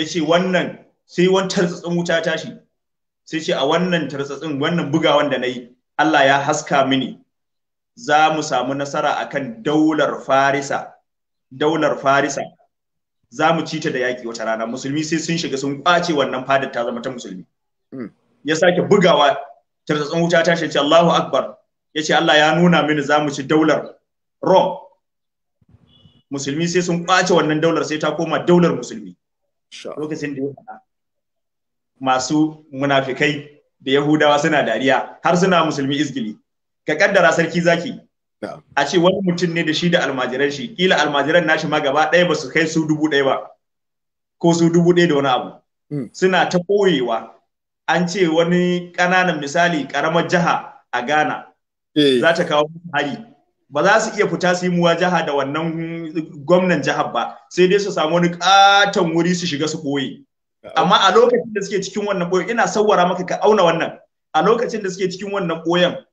Speaker 3: ya ce wannan sai wani tarsatsin wuta tashi sai ce a wannan tarsatsin wannan bugawan da na yi Allah ya haska mini za mu samu nasara akan daular farisa daular farisa za mu ci ta da yaƙi wata rana musulmi sai sun shiga sun kwace wannan fadar ta zama ta musulmi hmm. ya sake bugawa tarzatsan wuta ta shi Allahu akbar ya ce Allah ya nuna mini za mu ci daular Rome musulmi sai sun kwace wannan daular sai ta koma daular musulmi lokacin da ya masu munafikai da yahudawa suna dariya har suna musulmi izgili ka kaddara sarki zaki a ce wani mutum ne da shi da almajiran shi kila almajiran nashi ma gaba ɗaya ba su kai su dubu ɗaya ba ko su dubu ɗaya da wani abu hmm. suna ta koyewa an ce wani ƙananan misali ƙaramar jiha a Ghana eh. za ta kawo hari ba za su iya fita su yi muwa jiha da wannan gwamnan jihar ba sai dai su samu wani ƙaton wuri su shiga su koye amma a lokacin da suke cikin wannan koyon ina sawwara maka ka auna wannan a lokacin da suke cikin wannan koyon.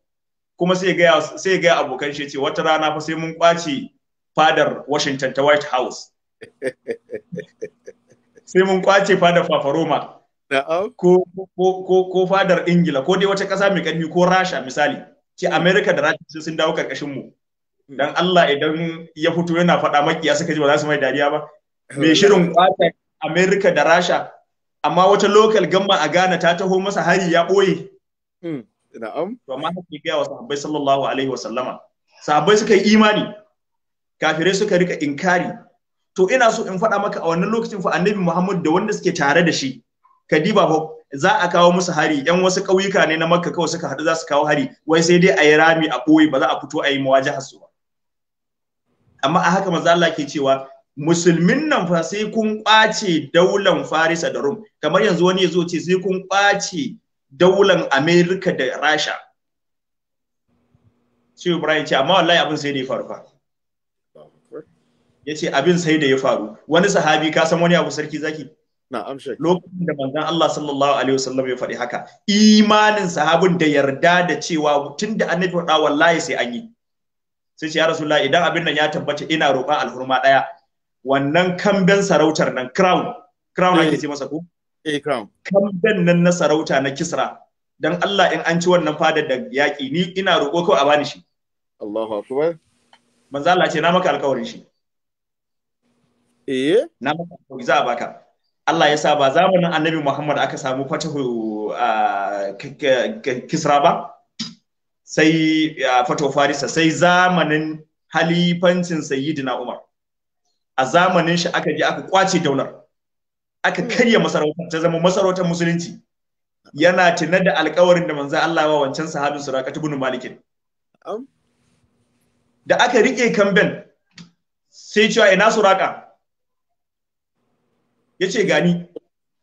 Speaker 3: kuma sai gaya sai abokan shi ce wata rana fa sai mun kwace fadar Washington ta White House sai mun kwace fadar Fafaroma ko ko ko fadar Ingila ko dai wata kasa mai karfi ko Rasha misali ce America da Rasha sun dawo karkashin mu hmm. dan Allah idan ya fito yana faɗa makiya suka ji ba za su mai dariya ba mai shirin kwata America da Rasha amma wata local gamma a Ghana ta taho masa hari ya ɓoye hmm. na'am to amma haka ga wa sahabbai sallallahu alaihi wa sallama sahabbai suka yi imani kafirai suka rika inkari to ina so in faɗa maka a wannan lokacin fa annabi Muhammad da wanda suke tare da shi kadiba fa za a kawo musu hari yan wasu ƙauyuka ne na makka kawai suka haɗu za su kawo hari wai sai dai a yi rami a ɓoye ba za a fito a yi muwajaha su ba amma a haka maza Allah ke cewa musulmin nan fa sai kun ƙwace daular farisa da rum kamar yanzu wani ya zo ce sai kun ƙwace daular Amerika da Rasha. Sai Ibrahim ce, amma wallahi abin sai da ya faru fa. Ya ce abin sai da ya faru. Wani sahabi ka san wani abu sarki zaki? Lokacin da manzon Allah sallallahu alaihi wasallam ya faɗi haka, imanin sahabin da yarda da cewa tun da annabi faɗa wallahi sai an yi. Sai ce ya Rasulullah idan abin nan ya tabbata ina roƙa alhurma ɗaya. Wannan kamben sarautar nan crown, crown ake ce masa ko? Eh, kamben nan na sarauta na kisra dan Allah in an ci wannan fada da yaƙi ni ina roƙo kawai a bani shi Allahu akbar manzo Allah ce na maka alƙawarin shi eh na maka alƙawari za a baka Allah ya sa ba zamanin Annabi Muhammad aka samu fatahu kisra ba sai fatahu farisa sai zamanin halifancin sayyidina Umar a zamanin shi aka je aka kwace daular aka hmm. karya masarautar ta zama masarautar musulunci yana tunar da alkawarin da manzo Allah wa wancan sahabin ta ibn Malik oh. da aka rike kamben sai cewa ina Suraka yace gani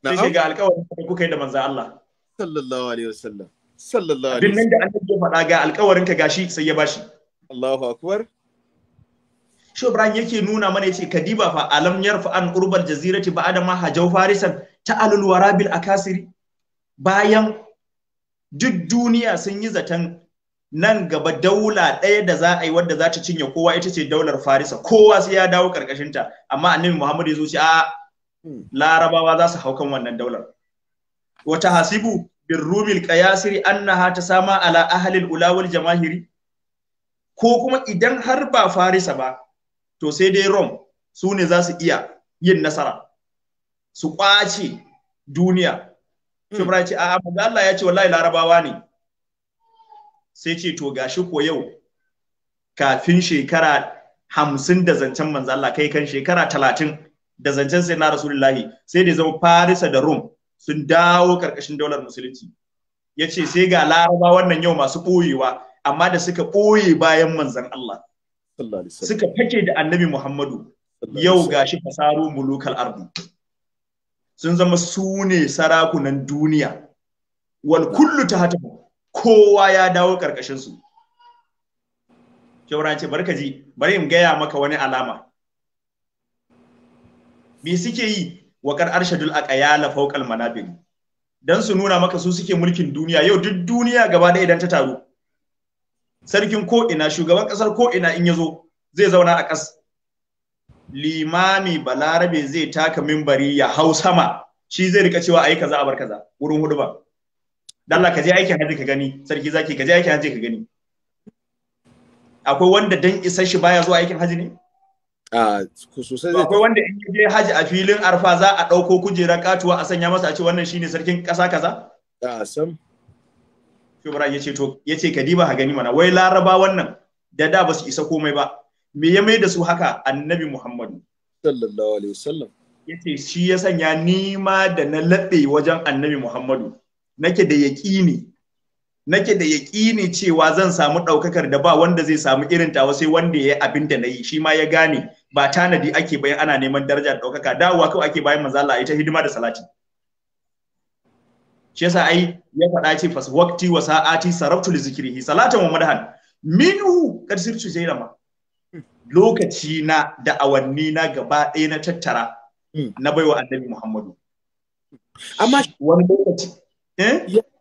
Speaker 3: sai ce ga alkawarin da kuka yi da manzo Allah sallallahu alaihi wasallam sallallahu alaihi wasallam din da annabi ya faɗa ga alkawarin ka gashi sai ya bashi Allahu akbar shi Ibrahim yake nuna mana yace kadiba fa alam yarfa an urbal jazirati ba adama hajau farisan ta alul warabil akasiri bayan duk duniya sun yi zaton nan gaba daula ɗaya da za a yi wadda za ta cinye kowa ita ce daular farisa kowa sai ya dawo ta amma annabi muhammad ya zo shi a hmm. larabawa za su hau kan wannan daular wata hasibu bin rumil qiyasiri annaha ta sama ala ahlil ulawal jamahiri ko kuma idan har ba farisa ba to sai dai Rome su ne za su iya yin nasara su kwace duniya hmm. Shubra ce a'a manzo Allah ya ce wallahi larabawa ne sai ce to gashi ko yau kafin shekara hamsin da zancen manzo Allah kai kan shekara talatin da zancen sai na rasulullahi sai da zama farisa da Rome sun dawo karkashin daular musulunci ya ce sai ga larabawa wannan yau masu ɓoyewa amma da suka ɓoye bayan manzon Allah suka fake da annabi Muhammadu yau gashi fasaru mulukal ardi sun zama su ne sarakunan duniya wal kullu ta tahta kowa ya dawo karkashin su shauran ce barka ji bari in gaya maka wani alama me suke yi wa kar arshadul aqyala fawqal manabir dan su nuna maka su suke mulkin duniya yau duk duniya gaba ɗaya idan ta taru sarkin ko ina shugaban kasar ko ina in yazo zai zauna a kas limami balarabe zai taka mimbari ya hau sama shi zai rika cewa ayi kaza a bar kaza wurin hudu ba dalla ka je aikin hajji ka gani sarki zaki ka je aikin hajji ka gani akwai wanda dan isar shi baya zuwa aikin hajji ne a sosai zai akwai wanda in je hajji a filin arfa za a dauko kujera katuwa a sanya masa a ce wannan shine sarkin kasa kaza a sam Shubra ya ce to ya ce kadiba ha gani mana wai laraba wannan da da ba su isa komai ba me ya mai da su haka annabi Muhammadu sallallahu alaihi wasallam ya ce shi ya sanya nima da na laɓe wajen annabi Muhammadu nake da yaƙini nake da yaƙini cewa zan samu ɗaukakar da ba wanda zai samu irin tawa sai wanda ya abin da na yi shi ma ya gane ba tanadi ake bayan ana neman darajar ɗaukaka dawowa kawai ake bayan manzala ita hidima da salati shi yasa ai ya faɗa ce fas wakti wa sa'ati sarabtu li zikrihi salatan wa madahan minhu kad sirtu ma. lokaci na da awanni na gaba ɗaya na tattara hmm. na baiwa annabi Muhammadu amma wani lokaci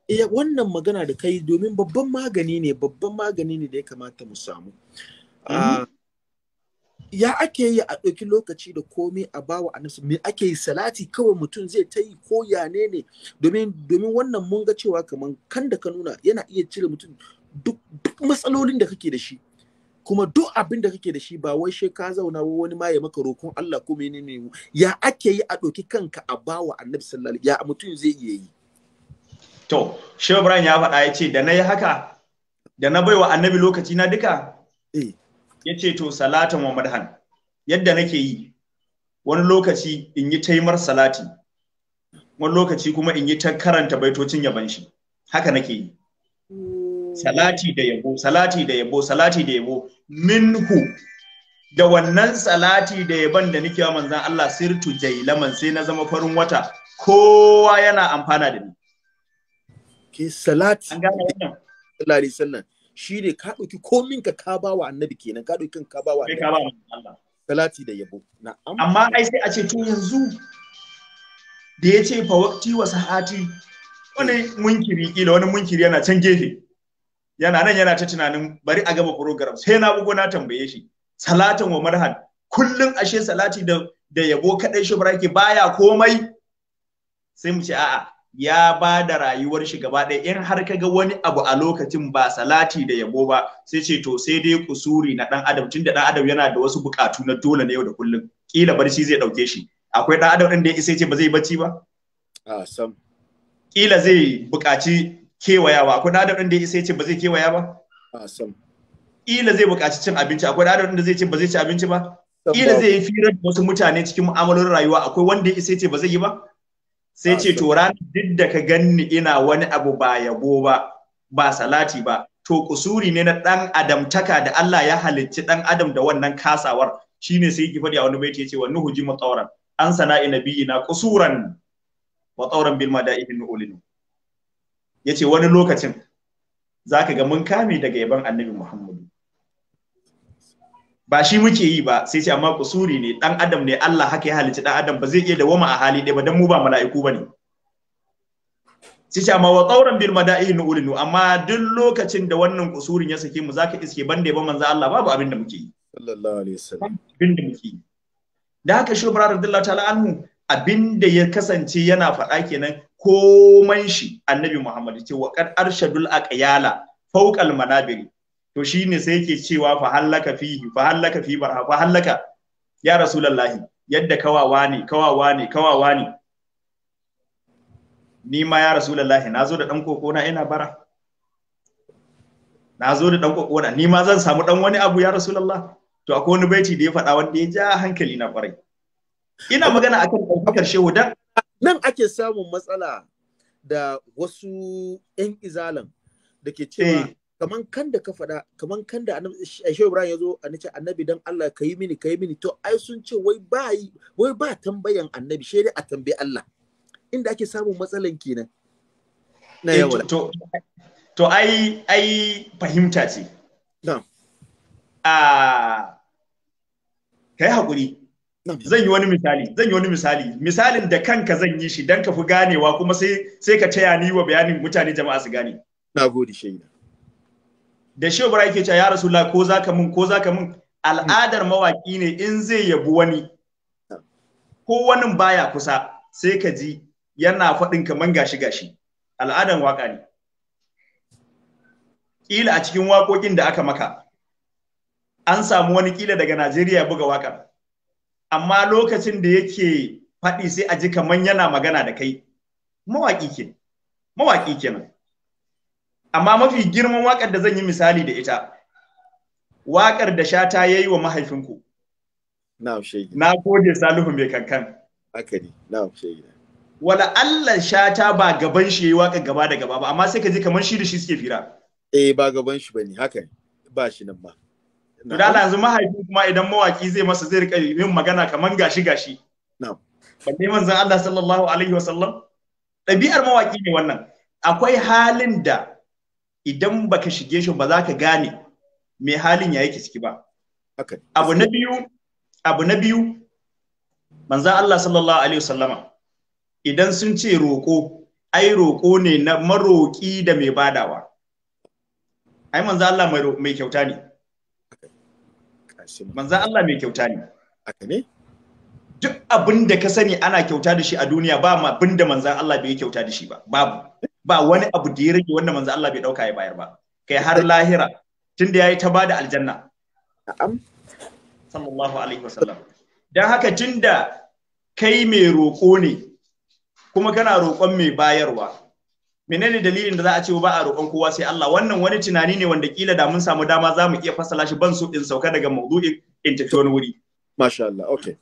Speaker 1: eh wannan magana da kai domin babban magani ne babban magani ne da ya kamata mu samu hmm. ah, ya ake yi a ɗauki lokaci da komai a bawa annabi me ake yi salati kawai mutum zai ta yi ko ya ne ne domin wannan mun ga cewa kamar kan da ka nuna yana iya cire mutum duk matsalolin da kake da shi kuma duk abin da kake da shi ba wai ka zauna wani ma ya maka rokon Allah ko menene ya
Speaker 3: ake yi a ɗauki kanka a bawa annabi sallallahu alaihi ya mutum zai iya yi to Shehu ya faɗa ya ce da na yi haka da na baiwa annabi lokaci na duka eh. ya ce to salatan wa madhan yadda nake yi wani lokaci in yi taimar salati wani lokaci kuma in yi ta karanta baitocin yaban shi haka nake yi salati da yabo salati da yabo salati da yabo minhu da wannan salati da yaban da nake wa manzan Allah sirtu jailaman sai na zama farin wata kowa yana amfana da ni ke salati Allah sallan shi ne ka ɗauki komin ka ka ba wa
Speaker 1: annabi kenan ka ɗauki ka ba wa
Speaker 2: annabi
Speaker 1: da yabo amma ai sai a ce to
Speaker 3: yanzu da ya ce fa waqti wa sahati wani munkiri kila wani munkiri yana can gefe yana nan yana ta tunanin bari a gaba program sai na bugo na tambaye shi salatin wa Marhan. kullun ashe salati da yabo kadai shi barake baya komai sai mu ce a'a ya ba da rayuwar shi gaba ɗaya in har kaga wani abu a lokacin ba salati da yabo ba sai ce to sai dai kusuri na ɗan adam tunda ɗan adam yana da wasu buƙatu na dole na yau da kullum kila barci zai ɗauke shi akwai ɗan adam din da ya isa ce ba zai bacci ba sam kila zai buƙaci kewayawa akwai ɗan adam din da ya isa ce ba zai kewaya ba sam kila zai buƙaci cin abinci akwai ɗan adam din da zai ce ba zai ci abinci ba kila zai yi firar da wasu mutane cikin mu'amalar rayuwa akwai wanda sai ce ba zai yi ba sai ce to ranar duk da ka ganni ina wani abu ba yabo ba ba salati ba to kusuri ne na dan taka da Allah ya halicci dan adam da wannan kasawar shine sai ki faɗi a wani baiti yace wa nuhuji mutawran an sana'i nabiyina kusuran wa tawran bil mada'ihin nu'ulinu yace wani lokacin zaka ga mun kame daga yaban annabi Muhammad ba shi muke yi ba sai ce amma kusuri ne dan adam ne Allah haka ya halicci dan adam ba zai iya dawama a hali ɗaya ba dan mu ba mala'iku bane sai ce amma wa tsauran bil mada'ihi nu'ulinu amma duk lokacin da wannan kusurin ya sake mu zaka iske bande ba manzo Allah babu abin da muke yi sallallahu alaihi wasallam abin da muke yi da haka shi bara radiyallahu ta'ala anhu abin da ya kasance yana faɗa kenan koman shi annabi Muhammad ce wa qad arshadul aqyala fawqal manabiri to shine sai yake cewa fa hallaka fihi fa hallaka fi barha fa hallaka ya rasulullahi yadda kawawa ne kawawa ne kawawa ne ni ma ya rasulullahi na zo da dan koko na ina bara na zo da dan koko na ni ma zan samu dan wani abu ya rasulullahi to akwai wani baiti da ya faɗa wanda ya ja hankali na kwarai ina magana akan ɗaukar shehu dan nan ake samun matsala da wasu
Speaker 1: 'yan izalan da ke cewa eh. kaman kan da ka faɗa kaman kan da Aisha eh, Ibrahim ya zo a nace annabi dan Allah ka yi mini ka yi mini to ai sun ce wai ba yi wai ba tambayan
Speaker 3: annabi shi dai a tambayi Allah inda ake samun matsalan kenan na eh, yawa to to ai ai fahimta ce na'am a ah, kai hakuri zan yi wani misali zan yi wani misali misalin da kanka zan yi shi dan ka fi ganewa kuma sai sai ka taya ni wa bayanin mutane jama'a su gane nagode gode shaida da shi bara yake cewa ya rasulullah ko zaka mun ko zaka mun al'adar mawaki ne in zai yabi wani ko wani baya kusa sai ka ji yana faɗin kaman gashi gashi al'adan waka ne kila a cikin waƙoƙin da aka maka an samu wani ƙila daga Najeriya buga waƙar amma lokacin da yake faɗi sai a ji kaman yana magana da kai mawaƙi ke mawaƙi kenan amma mafi girman waƙar da zan yi misali da ita waƙar da shata yayi wa mahaifinku na gode salihu mai kankan haka na shege wala Allah shata ba gaban shi yayi waƙar gaba da gaba ba amma sai ka ji kamar shi da shi suke fira
Speaker 1: eh ba gaban shi bane haka ba shi nan
Speaker 3: ba da yanzu mahaifin kuma idan mawaki zai masa zai rika yin magana kamar gashi gashi na'am neman manzon Allah sallallahu alaihi wasallam ɗabi'ar mawaki ne wannan akwai halin da idan baka shige shi ba za ka gane me halin ya yake ciki ba abu na biyu abu na biyu manzan Allah sallallahu alaihi wasallama idan sun ce roƙo ai roƙo ne na maroƙi da mai badawa ai manzan Allah mai kyauta ne manzan Allah mai kyauta ne duk abin da ka sani ana kyauta da shi a duniya ba ma abin da manzan Allah bai kyauta da shi ba babu ba wani abu da ya rage wanda manzo Allah bai dauka ya bayar ba kai har lahira tunda yayi ta bada aljanna na'am sallallahu alaihi wasallam dan haka tunda kai mai roƙo ne kuma kana roƙon mai bayarwa menene dalilin da za a ce ba a roƙon kowa sai Allah wannan wani tunani ne wanda kila da mun samu dama za mu iya fassala shi ban so in sauka daga maudu'in in tafi wuri masha Allah okay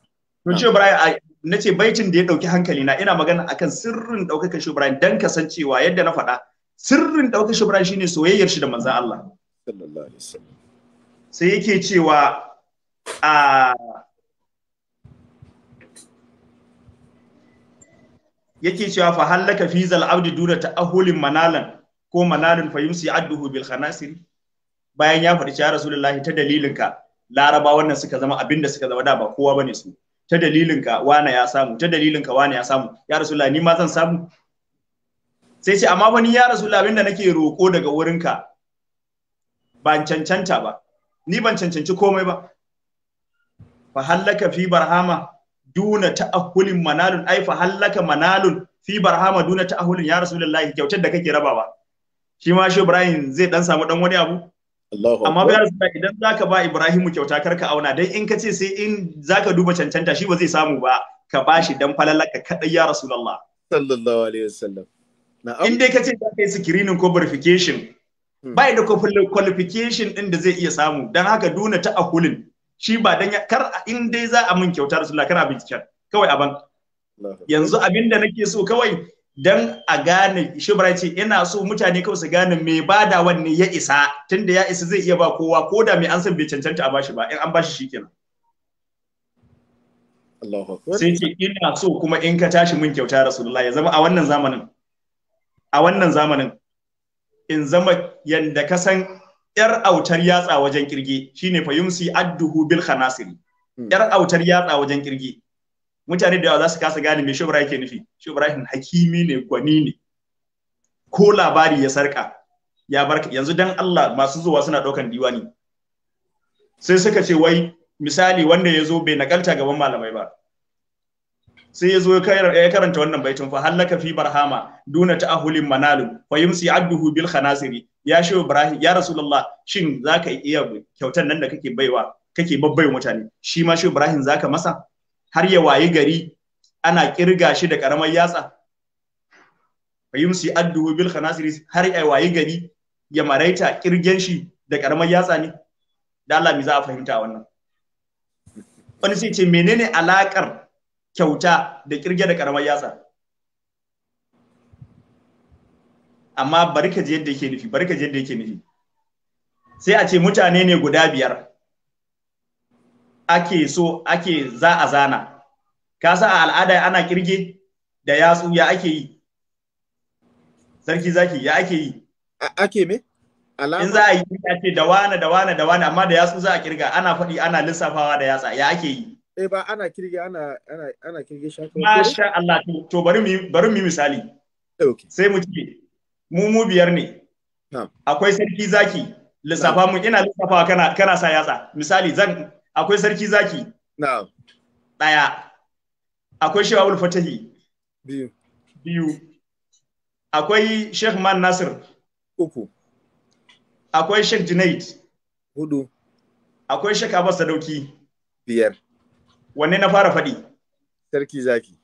Speaker 3: to ce Ibrahim na ce baitin da ya ɗauki hankali na ina magana akan sirrin ɗaukakar shi Ibrahim don kasancewa yadda na faɗa sirrin ɗaukakar shi Ibrahim shine soyayyar shi da manzan Allah sai yake cewa a yake cewa fa hallaka fi zal abdi dura ta ahulin manalan ko manalin fa yumsi adduhu bil bayan ya faɗi ya rasulullahi ta dalilinka ka laraba suka zama abinda suka zama da ba kowa bane su ta dalilin ka wane ya samu ta dalilin ka wane ya samu ya rasulullah ni ma zan samu sai ce amma wani ya rasulullah abinda nake roko daga wurinka ban cancanta ba ni ban cancanci komai ba fa hallaka fi barhama duna ta'ahulin manalun ai fa hallaka manalun fi barhama duna ta'ahulin ya rasulullahi kyautar da kake rabawa shi ma shi Ibrahim zai dan samu dan wani abu amma bai rasu idan zaka ba Ibrahimu kyauta kar ka auna dan in ka ce sai in zaka duba cancanta shi ba zai samu ba ka bashi dan falalaka kadai ya Rasulullah sallallahu alaihi wasallam in dai ka ce za ka yi screening ko verification yi hmm. da qualification din da zai iya samu dan haka duna ta akulin shi ba dan kar in dai za a min kyauta Rasulullah kana binciken kawai aban yanzu abinda nake so kawai dan a gane shi ce ina so mutane kawai su gane me bada wanne ya isa tunda ya isa zai iya ba kowa ko da me an san bai cancanta a bashi ba in an bashi shikenan
Speaker 1: Allahu akbar sai ce
Speaker 3: ina so kuma in ka tashi mun kyauta Rasulullah ya zama a wannan zamanin a wannan zamanin in zama yanda ka san yar autar yatsa wajen kirge shine fa yumsi adduhu bil khanasiri hmm. yar autar yatsa wajen kirge mutane da yawa za su kasa gane me shubra yake nufi shubrahim hakimi ne gwani ne ko labari ya sarka ya barka yanzu dan Allah masu zuwa suna daukan diwani sai suka ce wai misali wanda ya zo bai nakalta gaban malamai ba sai ya zo ya karanta wannan baitin fa halaka fi barhama duna ta'ahulin manalu fa yumsi abduhu bil khanasiri ya shi ibrahim ya rasulullah shin zaka iya kyautan nan da kake baiwa kake babbai mutane shi ma shi ibrahim zaka masa har ya wayi gari ana kirga shi da karamar yatsa fa yumsi adduhu bil khanasiri har ya wayi gari ya maraita kirgen shi da karamar yatsa ne da Allah mi za a fahimta wannan wani sai ce menene alakar kyauta da kirge da karamar yatsa amma bari ka ji yadda yake nufi bari ka ji yadda yake nufi sai a ce mutane ne guda biyar ake so ake za a zana ka sa a al'ada ana kirge da yatsu ya ake yi sarki zaki ya ake yi ake me in za a yi a ce da wane da wane da wane amma da yatsu za a kirga ana faɗi ana lissafawa da yatsa ya ake yi
Speaker 1: eh ba ana kirge ana ana ana kirge
Speaker 3: ma sha Allah to bari mu bari mu misali sai mu ce mu mu biyar ne akwai sarki zaki lissafa mu ina lissafawa kana kana sa yatsa misali zan akwai sarki zaki ɗaya. akwai Shehu fatahi biyu akwai sheikh man nasir uku akwai sheikh junaid hudu akwai sheikh abbas sadauki biyar wanne na fara faɗi sarki zaki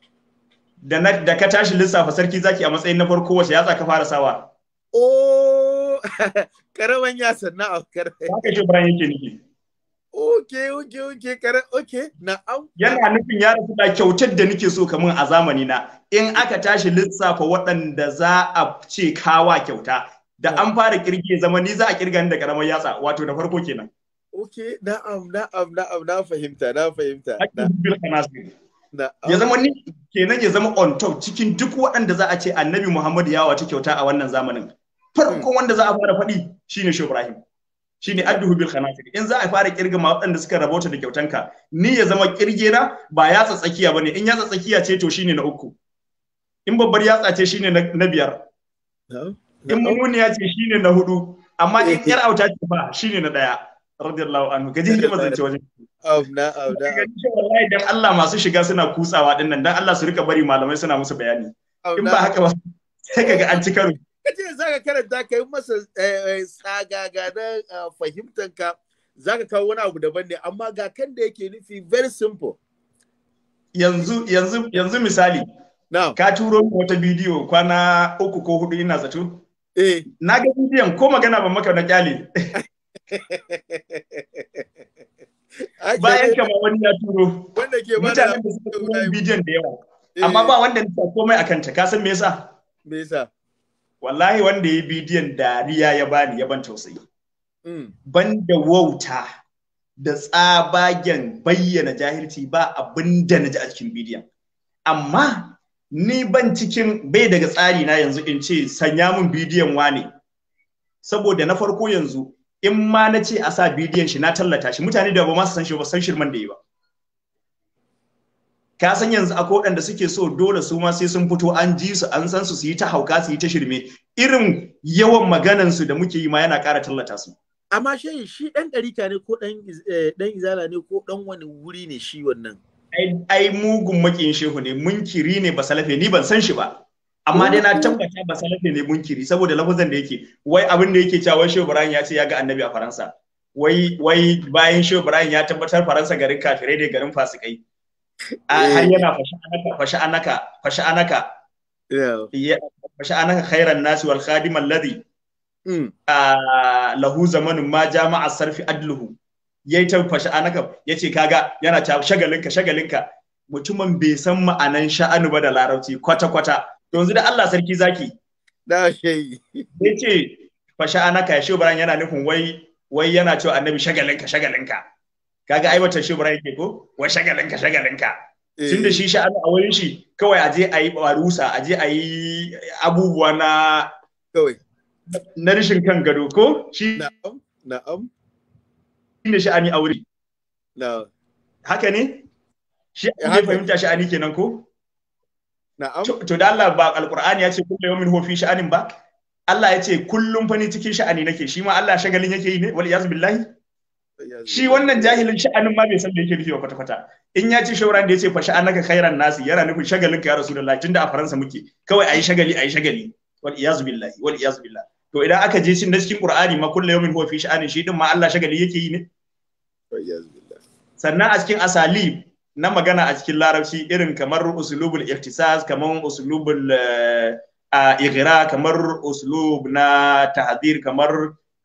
Speaker 3: da na da ka tashi lissafa sarki zaki a matsayin na farko wace yatsa ka fara sawa oh karaman ya sanna a karfe haka ke bayan yake nufi Ok, ok, ok, kare, na na'am. Yana nufin ya rasu da kyautar da nake so kamar a zamani na. In aka tashi lissafa waɗanda za a ce kawa kyauta, da an fara kirge zamani za a kirga da karamar yatsa, wato da farko kenan. na na'am, na'am, na'am, na fahimta, na fahimta. Ya zama ni kenan ya zama on top cikin duk waɗanda za a ce Annabi Muhammadu ya wace kyauta a wannan zamanin. Farkon hmm. wanda za a fara faɗi shine shi Ibrahim. shine adduhu bil khanafir in za a fara kirga ma waɗanda suka rabota da kyautanka ni ya zama kirgera ba yatsa tsakiya bane in yatsa tsakiya ce to shine na uku in babbar yatsa ce shine na biyar in ya ce shine na hudu amma in eh, eh. yar auta ce ba shine na daya radiyallahu anhu gaji hikima zance wajen na abna wallahi dan Allah masu shiga suna kutsawa dinnan dan Allah su rika bari malamai suna musu bayani in ba haka ba sai kaga an ci karo
Speaker 1: kace za ka karanta ka yi masa eh, eh, tsagaga na eh, fahimtar ka za ka kawo wani
Speaker 3: abu daban ne amma ga kan da yake nufi very simple yanzu yanzu yanzu misali ka turo wata bidiyo kwana uku ko hudu ina zato eh na ga bidiyon ko magana ban maka na kyale bayan kama wani ya turo wanda ke ba da bidiyon da yawa amma ba wanda nisa komai akan ta ka san me yasa me yasa wallahi wanda ya yi bidiyon dariya ya bani ya ban tausayi mm. ban da wauta da tsabagen bayyana jahilci ba abin da na ji a cikin bidiyon amma ni ban cikin bai daga tsari na yanzu in ce sanya min bidiyon wane saboda na farko yanzu in ma na ce a sa bidiyon shi na tallata shi mutane da ba ma su san shi ba san shirman da yi ba ka san yanzu akwai waɗanda suke so dole su ma sai sun fito an ji su an san su su yi ta hauka su yi ta shirme irin yawan maganan su da muke yi ma yana ƙara tallata su
Speaker 1: amma shi shi dan ɗarika ne ko dan
Speaker 3: eh, izala ne ko dan wani wuri ne shi wannan ai mugun makin shehu ne munkiri ne basalafe ni ban san shi ba amma dai na tabbata basalafe ne munkiri saboda lafazan da yake wai abin da yake cewa shehu Ibrahim ya ce ya ga annabi a Faransa wai wai bayan shehu Ibrahim ya tabbatar Faransa garin kafirai ne garin fasikai Eh. har yana fashi anaka fashi anaka fashi anaka khairan nasi wal khadim alladhi hmm. lahu zamanin ma jama'a sarfi adluhu yayi ta fashi anaka yace kaga yana ta shagalinka shagalinka mutumin bai san ma'anan sha'anu ba da larabci kwata kwata yanzu da Allah sarki zaki da shi yace fashi anaka ya shi yana nufin wai wai yana cewa annabi shagalinka shagalinka kaga ai wata shubra yake ko wa shagalinka shagalinka eh. tun da shi sha'ani a wurin shi kawai a je a yi barusa a je a yi abubuwa na kawai na rishin kan gado ko shi na'am na'am da sha'ani a wuri na'am haka ne shi eh, ne fahimta sha'ani kenan ko na'am to da Allah ba alqur'ani ya ce kullu yawmin huwa fi sha'anin ba Allah ya ce kullum fa ni cikin sha'ani nake shi ma Allah shagalin yake yi ne wal yaz billahi shi wannan jahilin sha'anin ma bai san da yake nufi ba kwata kwata in ya ci shauran da ya ce fa sha'anaka khairan nasi yana nufin shagalin ka ya lakin tunda a faransa muke kawai ayi shagali ayi shagali wal iyazu billahi wal iyazu billahi to idan aka je cin da cikin qur'ani ma kullu yawmin huwa fi sha'anin shi din ma Allah shagali yake yi ne sannan a cikin asali na magana a cikin larabci irin kamar usulubul ihtisas kamar usulubul eh, ighra kamar uslub na tahdir kamar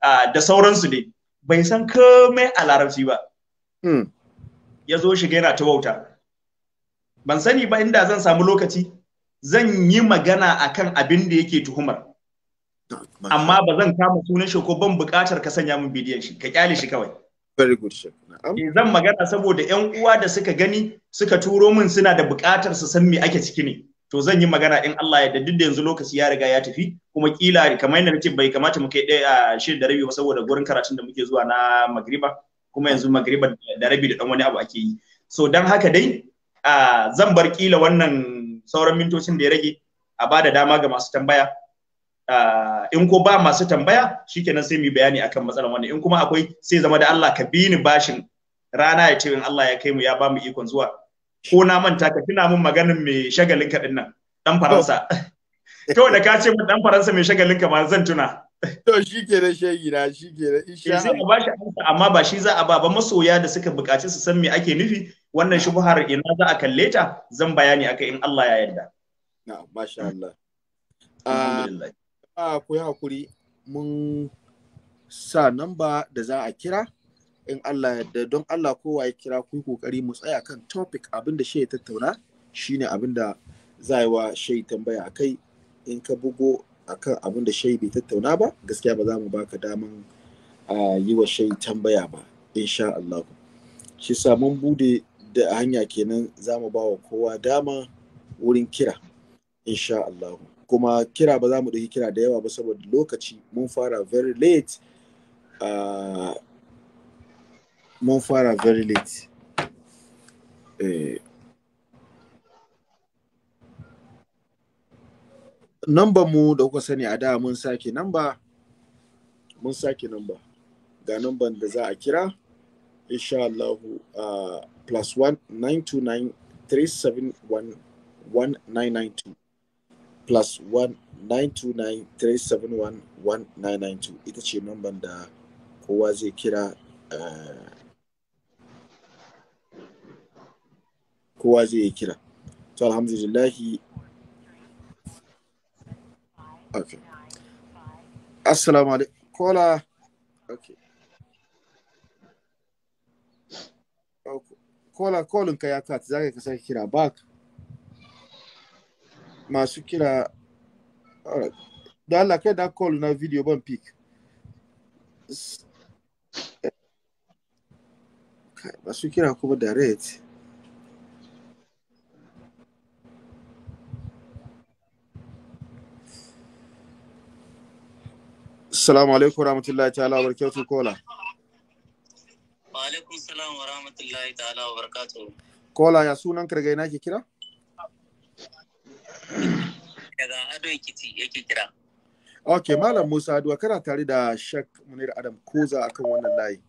Speaker 3: eh, da sauransu dai bai san komai a larabci ba hmm. ya zo shiga yana ta wauta ban sani ba inda zan samu lokaci zan yi magana a kan abin da yake tuhumar amma ba zan kama sunan shi ko ban buƙatar ka sanya min bidiyon shi ka kyale shi kawai very eh, zan magana saboda yan uwa da suka gani suka turo min suna da buƙatar su san me ake ciki ne to zan yi magana in Allah ya duk da yanzu lokaci ya riga ya tafi kuma kila kamar yadda nake bai kamata mu kai ɗaya a shirin da rabi ba saboda gurin karatun da muke zuwa na magriba kuma yanzu magriba da rabi da dan wani abu ake yi so dan haka dai zan bar kila wannan sauran mintocin da ya rage a bada dama ga masu tambaya in ko ba masu tambaya shikenan sai mu bayani akan matsalar wannan in kuma akwai sai zama da Allah ka bi bashin rana ya ce in Allah ya kai mu ya ba mu ikon zuwa ko na manta ka tuna min maganin mai shagalin ka dinnan dan faransa kawai da ka ce min dan faransa mai shagalin ka ma zan tuna to shi ke da shegi na shi ke da insha eh, sai ba shi amsa amma ba shi za a ba ba masoya da suka buƙaci su san me ake nufi wannan shubhar ina za a kalle ta zan bayani akai in Allah ya yarda na'am masha hmm. Allah ah, alhamdulillah a
Speaker 1: ah, ku hakuri mun sa namba da za a kira in Allah yadda don Allah kowa ya kira ku kokari mu tsaya kan topic abin da shi ya tattauna shine abin da za yi wa shai tambaya a kai in ka bugo akan abin da shi bai tattauna ba gaskiya ba za mu baka daman yi wa shi tambaya ba insha Allah shi mun bude da hanya kenan za mu ba wa kowa dama wurin kira insha Allah kuma kira ba za mu ɗauki kira da yawa ba saboda lokaci mun fara very late mun fara very late eh mu da kuka sani a da mun sake number mun sake number ga number da za a kira insha Allah uh, plus 1 929 371 1992 plus one, 929 371 1992 ita ce number da kowa zai kira uh, kowa zai yi kira to alhamdulillahi Ok. assalamu alaikum kola Ok. kola kolin ka ya kati, zaka ka sake kira back masu kira da Allah kai da call na video ban pick eh. masu kira kuma direct Assalamu alaikum warahmatullahi ta'ala wa barakatuh kola.
Speaker 4: Wa alaikum salam wa rahmatullahi ta'ala wa barakatuh.
Speaker 1: Kola ya sunan kirgai na ke kira? Daga Ado Ekiti yake kira. Ok, Malam Musa Aduwa kana tare da Shek Munir Adam Koza akan wannan layi.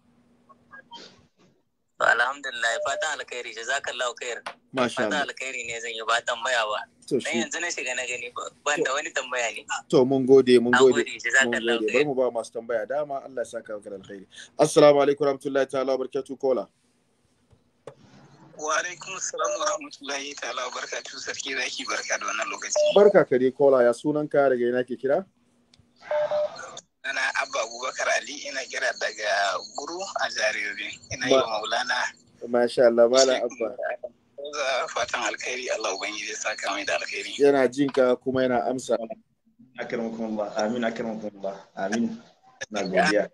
Speaker 1: To alhamdulillah fatan alkhairi Allah khair. Masha Allah. Fatan alkhairi ne zan yi ba tambaya ba. Dan yanzu na shiga na gani ban da wani tambaya ne. To mun gode mun gode. Mun gode bari mu ba masu tambaya dama Allah ya saka maka alkhairi. Assalamu alaikum warahmatullahi ta'ala barakatuh kola.
Speaker 4: Wa alaikum assalam wa rahmatullahi ta'ala barakatuh sarki zaki barka da wannan lokaci.
Speaker 1: Barka dai kola ya sunan ka daga ina ke kira? Sunana Abba
Speaker 4: Abubakar Ali ina kira daga Guru a jarirai.
Speaker 1: Ina yi Maulana. Masha Allah, Mala Abba.
Speaker 4: Za fatan alkhairi Allah zai sa kamai da alkhairi.
Speaker 1: Yana jin ka kuma yana amsa. ba, amin ba, amin. Na godiya.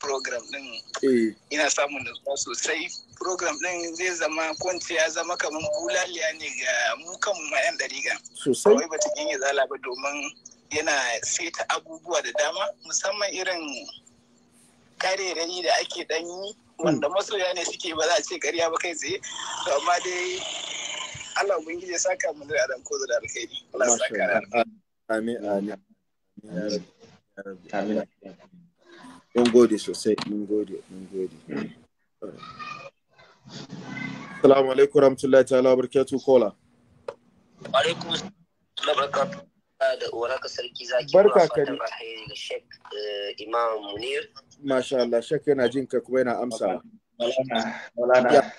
Speaker 1: program din eh. ina samun nutsuwa sosai program din zai zama kwanci ya zama kamar bulaliya ne ga mu kan mu yan dariga sosai wai bata yi zala ba domin yana saita abubuwa da dama musamman irin rani da ake dan yi wanda hmm. masoya ne suke ba za a ce karya ba kai tsaye to amma dai Allah ubangiji ya saka mu da dan kozo da alkhairi Allah ya saka amin amin amin mun gode sosai mun gode mun gode hmm. Assalamu alaikum warahmatullahi ta'ala barakatuh kola.
Speaker 4: Wa alaikum assalam barakatuh. da waraka sarki zaki barka ka ne ga shek eh, imam
Speaker 1: masha Allah shek yana jin ka kuma yana amsa walana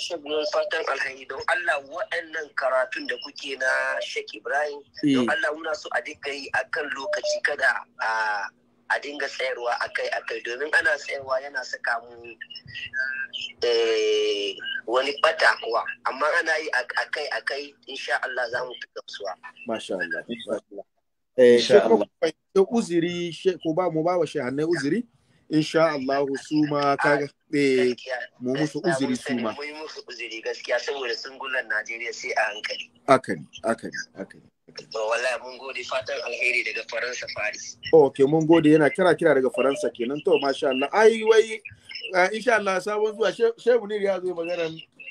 Speaker 4: shek mun fatan alhaji don Allah waɗannan karatun da kuke na shek ibrahim don eh. Allah muna so a dika yi akan lokaci kada a a dinga tsayarwa akai akai domin ana tsayarwa yana saka mu eh, wani bata kuwa
Speaker 1: amma ana yi akai akai insha Allah za mu fi suwa. masha Allah insha Allah eh, uziri ko ba mu ba wa shehannai uziri insha Allah su ma ka. eh mu musu uziri su ma mu musu uziri gaskiya saboda sungulan Najeriya sai a hankali akani akani akani wallahi mun gode fatan alheri daga faransa faris ok mun gode yana kira kira daga faransa kenan to masha Allah ai wai insha Allah sabon zuwa shehu ne ya zo magana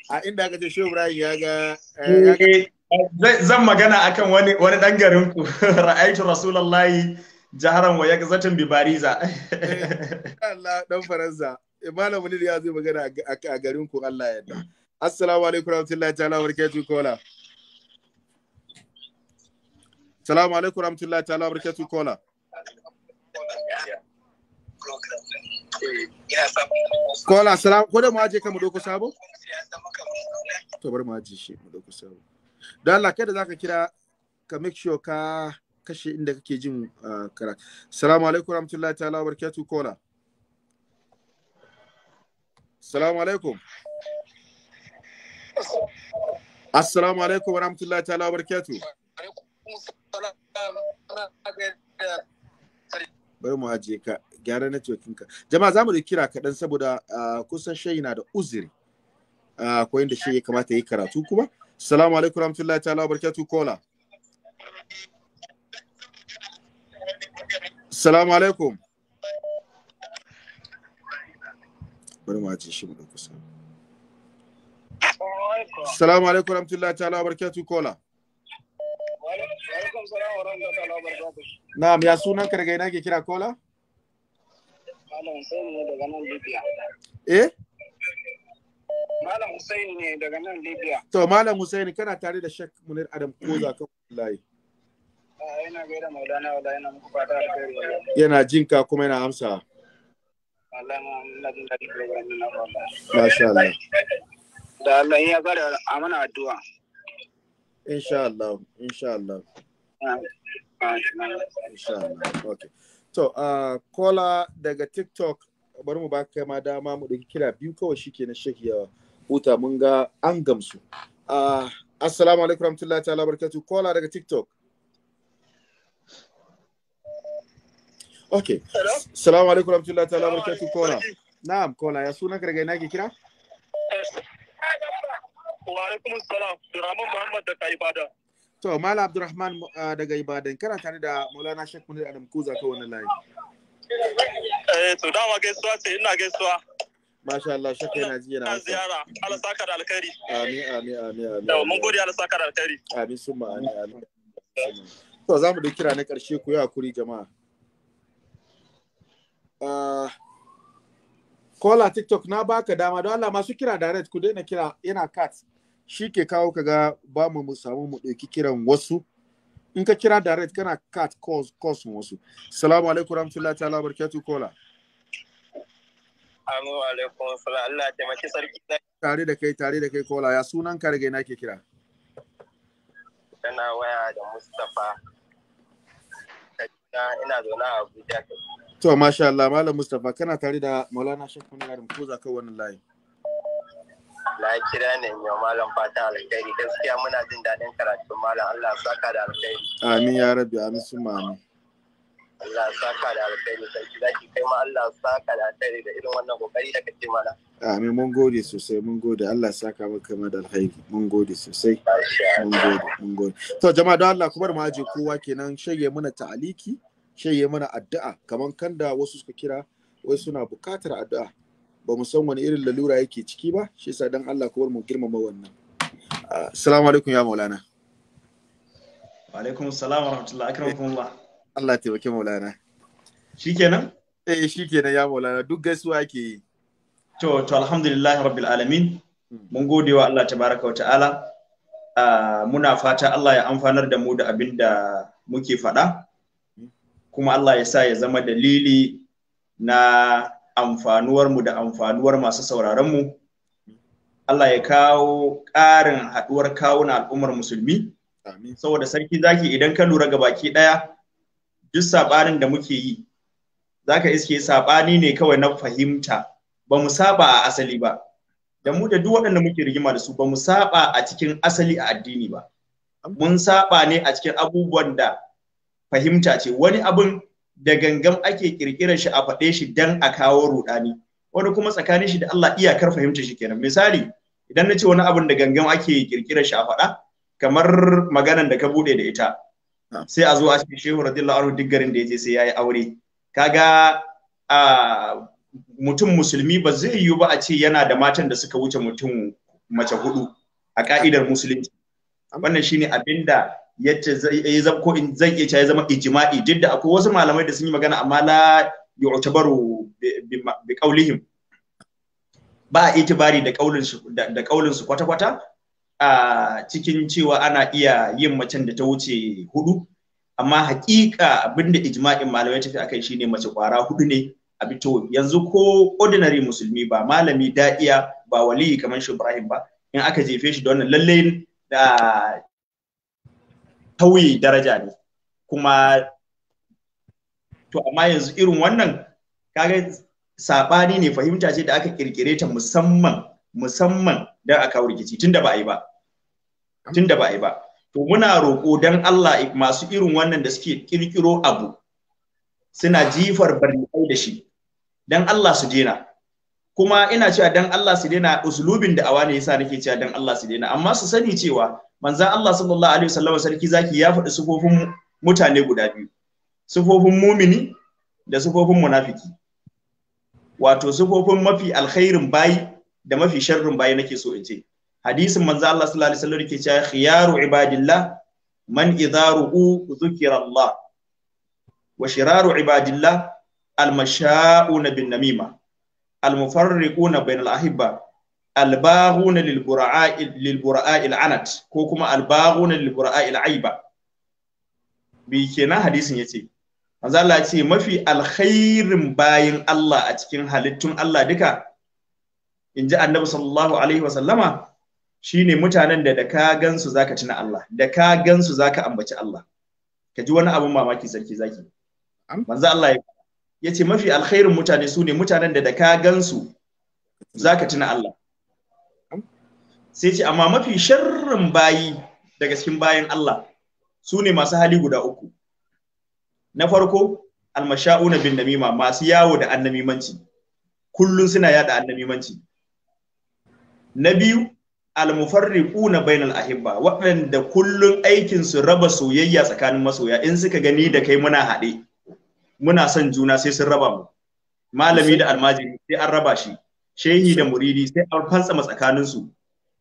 Speaker 1: a inda aka ce shehu ibrahim ya ga eh,
Speaker 3: eh, zan magana akan wani wani dan garin ku ra'aitu rasulullahi jaharan wa yakzatin bi eh,
Speaker 1: Allah dan faransa malam munir ya zo magana a garin ku Allah ya yarda assalamu alaikum warahmatullahi ta'ala barakatuh kola Salamu alaikum rahmatullahi ta'ala barakatuh kola. Kola salamu ko da mu aje ka doko sabo? To bari mu aje shi mu doko sabo. Don Allah kai da zaka kira ka make sure ka kashe inda kake jin ah, kara. Salamu alaikum rahmatullahi ta'ala barakatuh kola. Salamu alaikum. Assalamu alaikum wa rahmatullahi ta'ala barakatuh. bari mu haje ka gyara na ka jama'a za mu da kira kaɗan saboda kusan shayi na da uzuri ko inda shi ya kamata yi karatu kuma salamu alaikum rahmatullahi ta'ala barkatu kola salamu alaikum bari mu haje shi mu kusa salamu alaikum rahmatullahi ta'ala barkatu kola Na'am ya ke kira kola?
Speaker 4: Malam Hussein ne daga nan Libya. Eh? Malam Hussein ne daga nan Libya.
Speaker 1: To Malam Hussein kana tare da Sheikh Munir Adam Koza kan wallahi.
Speaker 4: Yana ah, gaida Maulana yana muku fata
Speaker 1: Yana jinka kuma yana amsa. Masha Allah.
Speaker 4: Da Allah ya amana addu'a.
Speaker 1: Insha Allah, insha Allah. okay to kola uh, daga tiktok bari mu baka ma dama mu ɗauki kira biyu kawai shi ke na shek ya huta mun ga an gamsu uh, assalamu alaikum rahmatullahi ta'ala barakatuh kola daga tiktok Okay. Assalamu Salamu alaikum warahmatullahi ta'ala barakatuh kola. Na'am kola ya suna ka daga ina ke kira? Eh,
Speaker 3: Wa alaikum salam. Rahman Muhammad da Kaibada.
Speaker 1: To, Mala Abdurrahman ah, daga Ibadan, kana tare da Maulana Sheikh Munir Adam Kuza ka wani layi.
Speaker 3: Eh, to dama gaisuwa ce, ina gaisuwa.
Speaker 1: Masha Allah, shakka yana ji yana ziyara,
Speaker 3: Allah saka da alkhairi. Amin,
Speaker 1: amin, amin, amin. To mun gode
Speaker 3: Allah saka da alkhairi.
Speaker 1: Amin, summa, amin, amin. To, za mu da kira na karshe ku yi hakuri jama'a. Kola ah, TikTok na baka dama don Allah masu kira direct ku daina kira yana cut. shi ke kawo ka ga ba mu samu mu ɗauki kiran wasu in ka kira direct kana cut calls calls wasu salamu alaikum rahmatullahi ta'ala barkatu kola
Speaker 4: Amu alaikum salam Allah taimaki sarki
Speaker 1: tare da kai tare da kai kola ya sunan ka rage nake kira
Speaker 4: Tana waya da Mustapha ina zaune a Abuja
Speaker 1: to masha Allah malam Mustapha kana tare da Maulana Sheikh Munarim ko za ka wannan layin
Speaker 4: na kira ne yau malam fatan alkhairi gaskiya muna jin daɗin karatun malam Allah saka da alkhairi
Speaker 1: amin ya rabbi amin su amin
Speaker 4: Allah saka da alkhairi sarki zaki kai ma Allah saka da alkhairi da irin wannan kokari da kake mana
Speaker 1: amin mun gode sosai mun gode Allah saka maka ma da alkhairi mun gode sosai mun gode mun gode to jama'a don Allah kuma mu aje kowa kenan shege mana ta'aliki shege mana addu'a kaman kanda wasu suka kira wai suna bukatar addu'a ba mu san wani irin lalura yake ciki ba shi yasa dan Allah kuwar mu girmama wannan ah, assalamu alaikum ya maulana
Speaker 3: wa alaikum assalam wa rahmatullahi akramakumullah
Speaker 1: Allah taimake maulana
Speaker 3: shikenan eh shikenan ya maulana duk gaisuwa ke yi to to alhamdulillah rabbil alamin hmm. mun gode wa Allah tabaraka wa ta'ala ah, muna fata Allah ya amfanar da mu da abin da muke faɗa hmm. kuma Allah ya sa ya zama dalili na amfanuwarmu da amfanuwar masu sauraronmu. Allah ya kawo ƙarin haɗuwar kawuna al'ummar musulmi. Saboda sarki zaki idan ka lura ga baki ɗaya, duk saɓanin da muke yi, za ka iske saɓani ne kawai na fahimta, ba mu saba a asali ba. Da mu da duk waɗanda muke rigima da su ba mu saba a cikin asali a addini ba. Mun saba ne a cikin abubuwan da fahimta ce wani abin da gangan ake kirkirar shi a faɗe shi dan a kawo rudani wani kuma tsakanin shi da Allah kar fahimta shi kenan misali idan na ce wani abin da gangan ake kirkirar shi a faɗa kamar maganan da ka bude da ita ah. sai a zo a ce shehu radiyallahu anhu duk garin da yaje sai yayi aure kaga a mutum musulmi ba zai yiwu ba a ce yana da matan da suka wuce mutum mace hudu a ka'idar musulunci wannan shine abinda yace zai zama ko in zai iya ya zama ijma'i duk da akwai wasu malamai da sun yi magana amma la yu'tabaru bi qaulihim ba itibari da kaulin su da kaulin su kwata kwata a cikin cewa ana iya yin macen da ta wuce hudu amma haƙiƙa abinda ijma'in malamai tafi akai shine mace kwara hudu ne a bito yanzu ko ordinary musulmi ba malami da'iya ba wali, kamar shi Ibrahim ba in aka jefe shi da wannan lallai da tauye daraja ne kuma to amma yanzu irin wannan kaga sabani ne fahimta ce da aka kirkire ta musamman musamman don a kawo rikici tunda ba a yi ba tunda ba a yi ba to muna roƙo don Allah masu irin wannan da suke kirkiro abu suna jifar barnai da shi don Allah su dena kuma ina cewa don Allah su dena usulubin da awa ne yasa nake cewa don Allah su dena amma su sani cewa manzan Allah sallallahu alaihi wasallam sarki zaki ya faɗi sufofin mutane guda biyu sufofin mumini da sufofin munafiki wato sufofin mafi alkhairin bayi da mafi sharrin bayi nake so in ce hadisin Manzan Allah sallallahu alaihi wasallam yake cewa khiyaru ibadillah man ru'u dhukira Allah wa shiraru ibadillah almasha'una bin namima almufarriquna bainal ahibba albaghuna lil bura'i anat ko kuma albaghuna lil bura'i bi kenan hadisin yace manzo Allah ya ce mafi alkhairin bayin Allah a cikin halittun Allah duka Inji annabi sallallahu alaihi wasallama shine mutanen da da ka gansu zaka tuna Allah da ka gansu zaka ambaci Allah ka ji wani abun mamaki sarki zaki manzo Allah ya ce mafi alkhairin mutane sune mutanen da da ka gansu zaka tuna Allah sai ce amma mafi sharrin bayi daga cikin bayan Allah su ne masu hali guda uku na farko almasha'una bin namima masu yawo da annamimanci kullun suna yada annamimanci na biyu almufarriquna bainal ahibba waɗanda kullun aikin su raba soyayya tsakanin masoya in suka gani da kai muna haɗe muna son juna sai sun raba mu malami da almajiri sai an raba shi shehi da muridi sai an fantsama tsakanin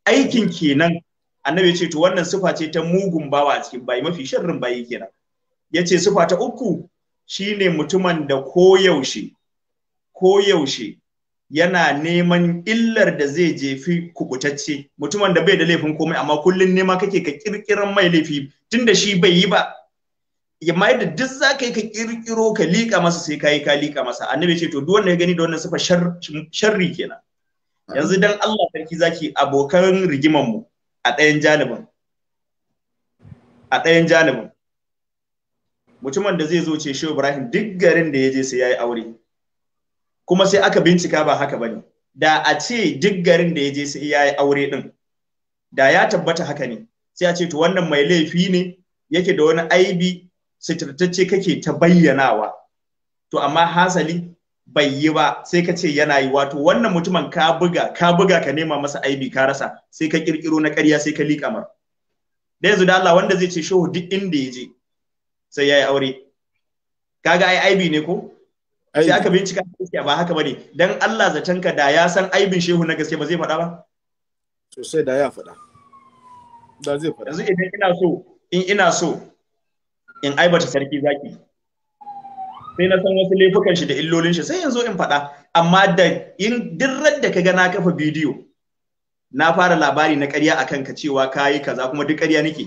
Speaker 3: aikin kenan annabi ya ce to wannan sufa ce ta mugun bawa a cikin bayi mafi sharrin bayi kenan ya ce sufa ta uku shine mutumin da koyaushe koyaushe yana neman illar da zai jefi kubutacce mutumin da bai da laifin komai amma kullun nema kake ka kirkiran mai laifi tun da shi bai yi ba amma yadda duk za ka yi ka kirkiro ka liƙa masa sai ka yi ka liƙa masa annabi ce to duk wanda ya gani da wannan sufa sharri kenan yanzu dan Allah sarki zaki abokan rigiman mu a ɗayan janibin a ɗayan janibin mutumin da zai zo ce shehu ibrahim duk garin da ya je sai ya aure kuma sai aka bincika ba haka bane da a ce duk garin da ya je sai ya aure din da ya tabbata haka ne sai a ce to wannan mai laifi ne yake da wani aibi suturtacce kake ta bayyanawa to amma hasali bai yi ba sai ka ce yana yi wato wannan mutumin ka buga ka buga ka nema masa aibi ka rasa sai ka kirkiro na ƙarya sai ka liƙa mar da yanzu da Allah wanda zai ce shehu duk inda ya je sai yayi aure kaga ai aibi ne ko sai aka bincika gaskiya ba haka bane dan Allah zaton ka da ya san aibin shehu na gaske ba zai faɗa ba sosai da ya faɗa da zai faɗa yanzu idan ina so in ina so in aibata sarki zaki sai na san wasu laifukan shi da illolin shi sai yanzu in faɗa amma da in dirrar da ka ga na kafa bidiyo na fara labari na ƙarya akan kanka cewa ka kaza kuma duk ƙarya nake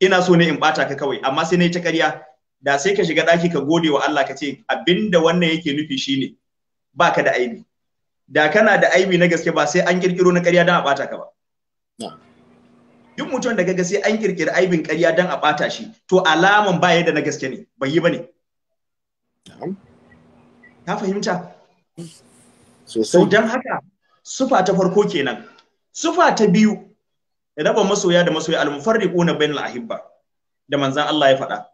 Speaker 3: ina so ne in ɓata ka kawai amma sai na ta ƙarya da sai ka shiga ɗaki ka gode wa Allah ka ce abinda wannan yake nufi shine baka da aibi da kana da aibi na gaske ba sai an kirkiro na ƙarya don a ɓata ka ba duk mutum da kaga sai an kirkiri aibin ƙarya don a bata shi to alaman ba da na gaske ne bai yi ba ne ta fahimta sosai don haka sufa ta farko kenan sufa ta biyu raba masoya da masoya al-mufarriquna bainal ahibba da manzan Allah ya faɗa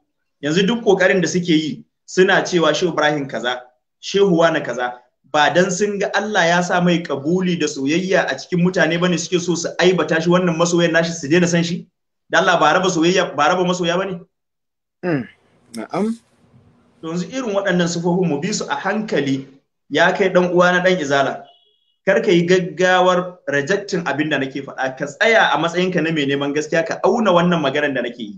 Speaker 3: yanzu duk kokarin da suke yi suna cewa shehu Ibrahim kaza shehu wani kaza ba dan sun ga Allah ya sa mai kabuli da soyayya a cikin mutane bane suke so su aibata shi wannan masoyan nashi su daina san shi da Allah ba raba soyayya ba raba masoya bane hmm. na'am yanzu irin waɗannan sufofin mu bi su a hankali ya kai dan uwa na dan izala kar ka yi gaggawar rejectin abin da nake faɗa ka tsaya a matsayinka na mai neman gaskiya ka auna wannan maganar da nake yi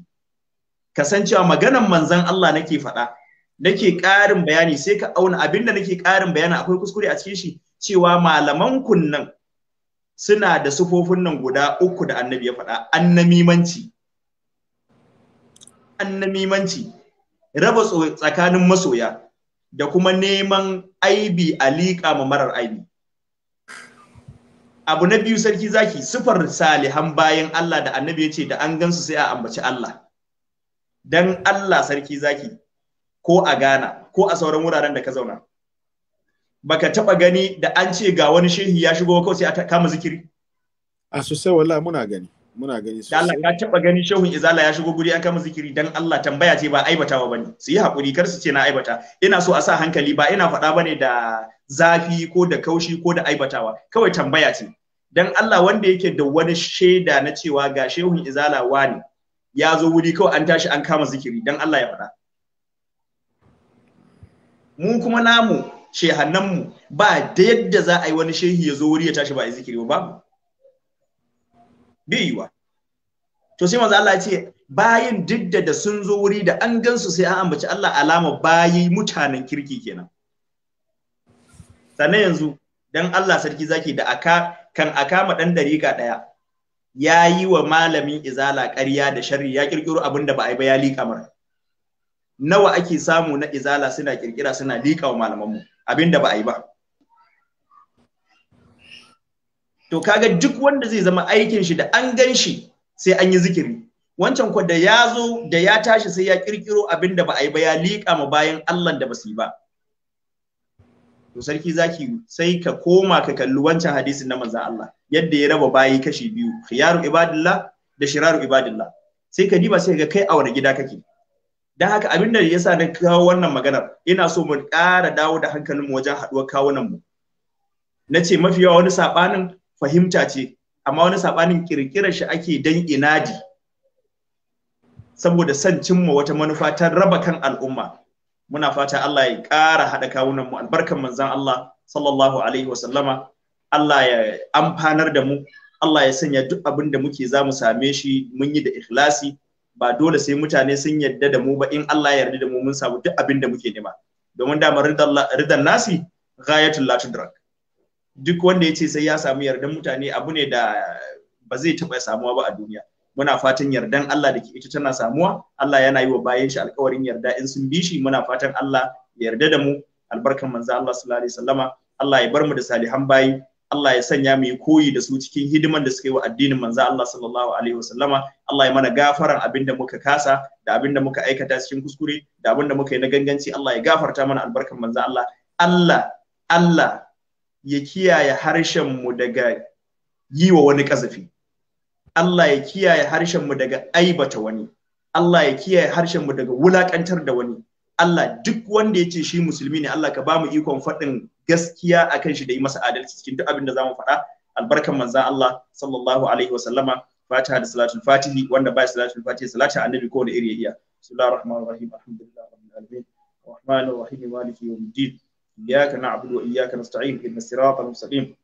Speaker 3: ka san cewa maganar manzon Allah nake faɗa nake ƙarin bayani sai ka auna abin da nake ƙarin bayani akwai kuskure a cikin shi cewa malaman kunnan suna da sufofin nan guda uku da annabi ya faɗa annamimanci annamimanci raba tsakanin masoya da kuma neman aibi a liƙa ma marar aibi abu na biyu sarki zaki sufar salihan bayan Allah da annabi ya ce da an gansu sai a ambaci Allah dan Allah sarki zaki ko a Ghana ko a sauran wuraren da ka zauna baka taɓa gani da an ce ga wani shehi ya shigo kawai sai a kama zikiri
Speaker 1: a sosai wallahi muna gani muna gani
Speaker 3: sosai Allah ka taba gani shehun izala ya shigo guri an kama zikiri dan Allah tambaya ce ba aibatawa bane su yi hakuri kar su ce na aibata ina so a sa hankali ba ina faɗa bane da zafi ko da kaushi ko da aibatawa kawai tambaya ce dan Allah wanda yake da wani shaida na cewa ga shehun izala wani ya zo wuri kawai an tashi an kama zikiri dan Allah ya faɗa mu kuma namu shehannanmu ba da yadda za a yi wani shehi ya zo wuri ya tashi ba a zikiri ba babu bai yiwa to sai manzo Allah ya ce bayin duk da sun zo wuri da an gansu sai an ambaci Allah alama bayi mutanen kirki kenan sannan yanzu dan Allah sarki zaki da aka kan akama dan dariƙa daya ya yi wa malamin izala ƙarya da sharri ya kirkiro abin da ba a ba ya liƙa mara nawa ake samu na izala suna kirkira suna liƙa wa malamanmu abin da ba a yi ba to kaga duk wanda zai zama aikin shi da an gan shi sai an yi zikiri wancan kwa da ya zo da ya tashi sai ya kirkiro abin da ba a yi ba ya liƙa ma bayan Allah da ba su yi ba to sarki zaki sai ka koma ka kalli wancan hadisin na manzon Allah yadda ya raba bayi kashi biyu khiyaru ibadillah da shiraru ibadillah sai ka diba sai ga kai a wani gida kake dan haka abin da yasa na kawo wannan maganar ina so mu ƙara dawo da hankalinmu wajen haɗuwar kawunanmu. mu na ce mafi yawa wani saɓanin fahimta ce amma wani saɓanin kirkirar shi ake dan inadi saboda son cimma wata manufa ta raba kan al'umma muna fata Allah ya ƙara haɗa kawunan mu albarkan manzon Allah sallallahu alaihi wa sallama Allah ya amfanar da mu Allah ya sanya duk abin da muke za mu same shi mun yi da ikhlasi ba dole sai mutane sun yarda da mu ba in Allah ya yarda da mu mun samu duk abin da muke nema domin da ridan nasi ghayatul la tudrak duk wanda ya ce sai ya samu yardan mutane abu ne da ba zai taɓa samuwa ba a duniya muna fatan yardan Allah da ke ita tana samuwa Allah yana yi wa bayan shi alƙawarin yarda in sun bi shi muna fatan Allah ya yarda da mu albarkan manzo Allah sallallahu alaihi wasallama Allah ya bar mu da salihan bayi Allah ya sanya mu yi koyi da su cikin hidiman da suka yi wa addinin manzo Allah sallallahu alaihi wasallama Allah ya mana gafaran abinda muka kasa da abinda muka aikata cikin kuskure da abinda muka yi na ganganci Allah ya gafarta mana albarkan manzo Allah Allah Allah ya kiyaye harshenmu daga yi wa wani ƙazafi Allah ya kiyaye harshenmu daga aibata wani Allah ya kiyaye harshen mu daga wulaƙantar da wani Allah duk wanda ya ce shi musulmi ne Allah ka ba mu ikon faɗin gaskiya akan shi da yi masa adalci cikin duk abin da za mu faɗa albarkan manzan Allah sallallahu alaihi wa sallama fatiha da salatul fatihi wanda ba salatul fatihi Salatu annabi ko da iri ya iya bismillahir rahmanir rahim alhamdulillahi rabbil alamin الرحمن rahim maliki yawmiddin إياك نعبد وإياك نستعين إن الصراط المستقيم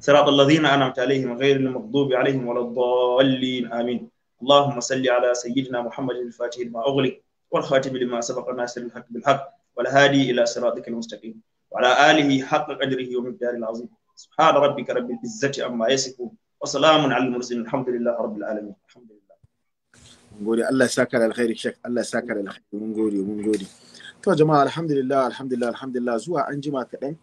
Speaker 3: صراط الذين أنعمت عليهم غير المغضوب عليهم ولا الضالين آمين اللهم صل على سيدنا محمد الفاتح لما أغلق والخاتم لما سبق الناس بالحق بالحق والهادي إلى صراطك المستقيم وعلى آله حق قدره ومقداره العظيم سبحان ربك رب العزة عما يصفون وسلام على المرسلين الحمد لله رب العالمين الحمد لله
Speaker 1: نقول الله ساكر الخير شك الله ساكر الخير Allah ya to jama'a alhamdulillah alhamdulillah alhamdulillah zuwa an jima kaɗan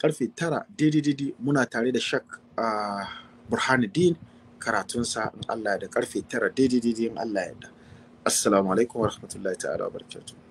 Speaker 1: karfe tara daidai muna tare da shak a ah, burhanuddin karatunsa in allah da karfe tara daidai daidai in allah da. assalamu alaikum warahmatullahi ta'ala wa barakatuh